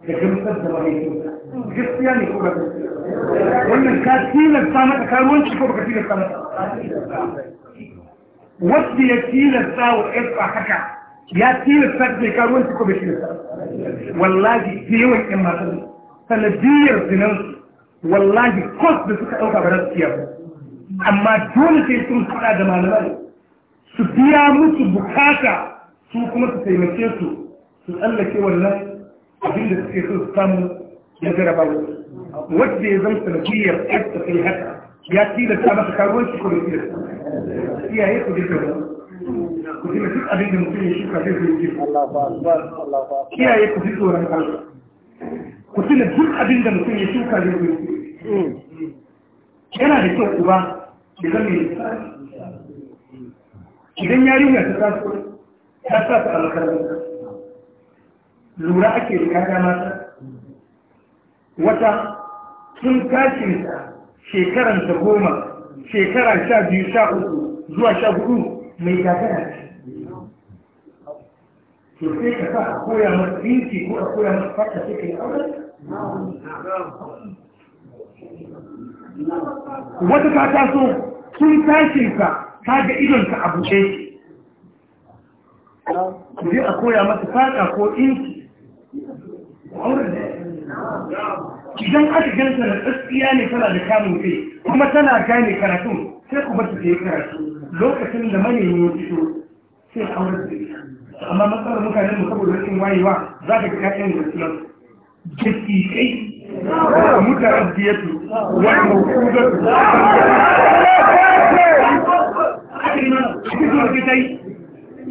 [SPEAKER 1] da gamsar da mahaifinka gaskiya ne ko ba wannan ka tilasta mata karuwanci ko baka tilasta mata wanda ya tilasta wa ƴarsa haka ya tilasta ta mai karuwan ko bai tilasta wallahi da yawan ƴan matan sanadiyar zinan wallahi kos da suka ɗauka ba za su ba amma dole sai sun faɗa da malamai su biya musu bukata su kuma su taimake su su tsallake wannan abin da suke so su samu na jarabawa wadda ya zama sanadiyar ƴarsa sai haka ya tilasta masa karuwan ko bai tilasta kiyaye ku duka mu ku duka duk abin da mutum ya shuka zai zai jiro kiyaye ku ji tsoron Allah ku tuna duk abin da mutum ya shuka zai zai jiro yana da kyau ku uba ya zama ya idan yarinya ta taso ta sa ta alkaranta lura ake da kaga mata wata sun kashinta shekaranta goma shekara sha biyu sha uku zuwa sha hudu mai gagara to sai ka sa a koya masa dinki ko a koya masa fata sai ka yi auren wata ta taso sun tashin ka ta ga idonka a buɗe ku je a koya masa fata ko dinki auren idan aka gansa da tsakiya ne tana da kamun kai kuma tana gane karatun sai ku bar su yi karatu lokacin da manemi ya fito sai aure da ya amma matsalar mutanen mu saboda rashin wayewa za ka ga ƴaƴan da sunan dakikai mutarabbiyatu wa mawqudatu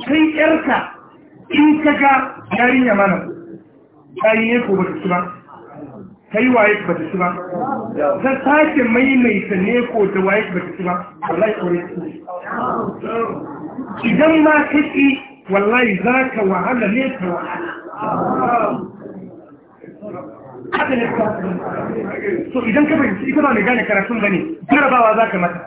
[SPEAKER 1] kai ƴarka in ka ga yarinya mana ta yi ne ko ba ta ba ta yi waye ba ta ci ba ta sake maimaita ne ko da waye ba ta ci ba wallahi kore su idan ma ka ƙi wallahi za ka wahala ne ka wahala so idan ka fahimci ita ba mai gane karatun ba ne jarabawa za ka mata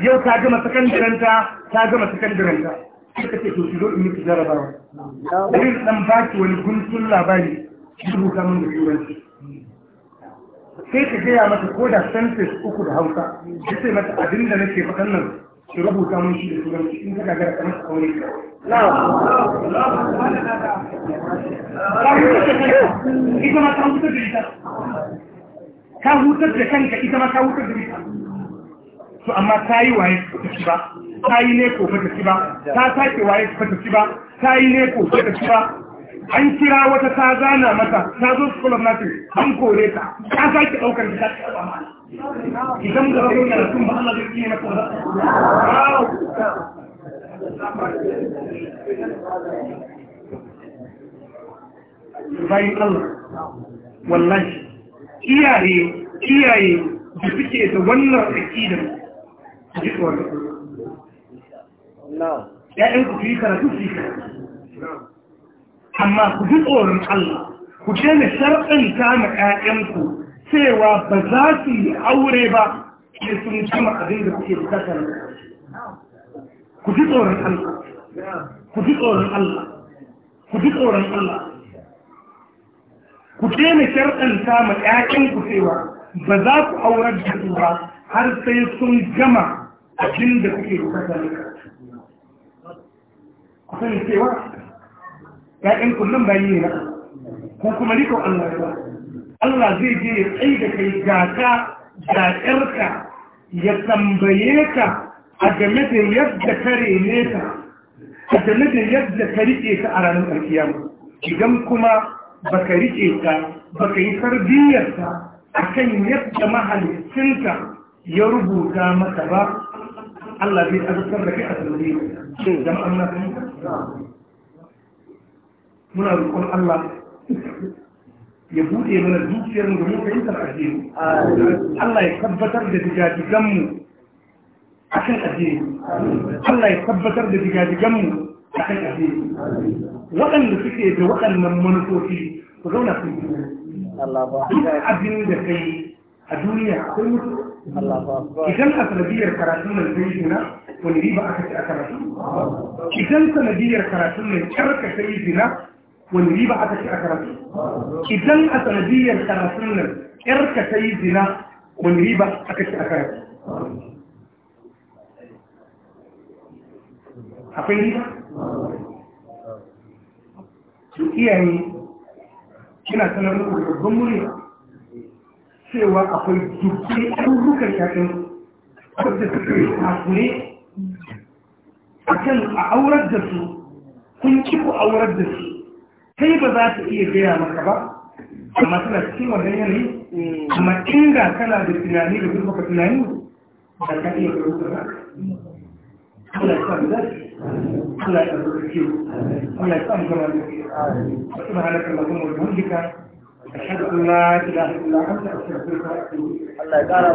[SPEAKER 1] yau ta gama sakandiranta ta gama sakandiranta suka ce to shigo in miki jarabawa bari dan baki wani guntun labari rubuta min da turanci sai ka gaya mata ko da sentence uku da hausa ya ce mata abin da nake faɗan nan su rubuta mun shi da turanci in ka gagara kamar su aure ka ita ma ta hutar da ita Ta hutar da kanka ita ma ta hutar da ita to amma ta yi waye ta ci ba ta yi ne ko ba ta ci ba ta sake waye su ta ci ba ta yi ne ko ba ci ba an kira wata ta zana mata ta zo su kula nursing an kore ta ta sake daukar ta ta ba mana idan da rabu yana sun ba Allah zai yi na kora bayan Allah wallahi iyaye iyaye da suke da wannan akidar ji tsoron Allah ya'yan ku fi karatu fi karatu amma ku ji tsoron Allah ku ce ni sharɗanta ma ‘ya'yanku cewa ba za su yi aure ba sai sun gama abin da kuke bukatar ku ji tsoron Allah ku ji tsoron Allah ku ji tsoron Allah ku ce ni sharɗanta ma ‘ya'yanku cewa ba za ku aurar da su ba har sai sun gama abin da kuke bukatar ku sani cewa Yayan kullum ba yi na ko kuma riko Allah ya Allah zai je ya tsaye da kai ka da ƴarka ya tambaye ka a game da yadda ka rene ka a game da yadda ka rike ka a ranar alkiyama idan kuma ba ka rike ka ba ka yi tarbiyyar ka kan yadda mahalicinka ya rubuta maka ba Allah zai azabtar da kai a duniya jama'an muna roƙon Allah ya buɗe mana zuciyar mu domin fahimtar addini Allah ya tabbatar da digadigan a akan addini Allah ya tabbatar da digadigan mu akan addini waɗanda suke da waɗannan manufofi ku zauna su yi duk abin da kai a duniya akwai mutu idan a sanadiyar karatun mai zai zina wani riba aka ci a karatu idan sanadiyar karatun mai kyarka sai zina wani riba aka ci a karatu idan a sanadiyar karatun nan ƴar ka ta yi zina wani riba aka ci a karatu akwai riba? su iyaye kina sanar da babban murya cewa akwai dubbai abubukan yakin wadda suke takure a kan a aurar da su kun ki ku aurar da su kai ba za ta iya gaya maka ba amma tana cikin wannan yanayi amma inda kana da tunani da kuma ka tunani da ka iya ba Allah ya sa mu dace Allah ya sa mu Allah ya sa mu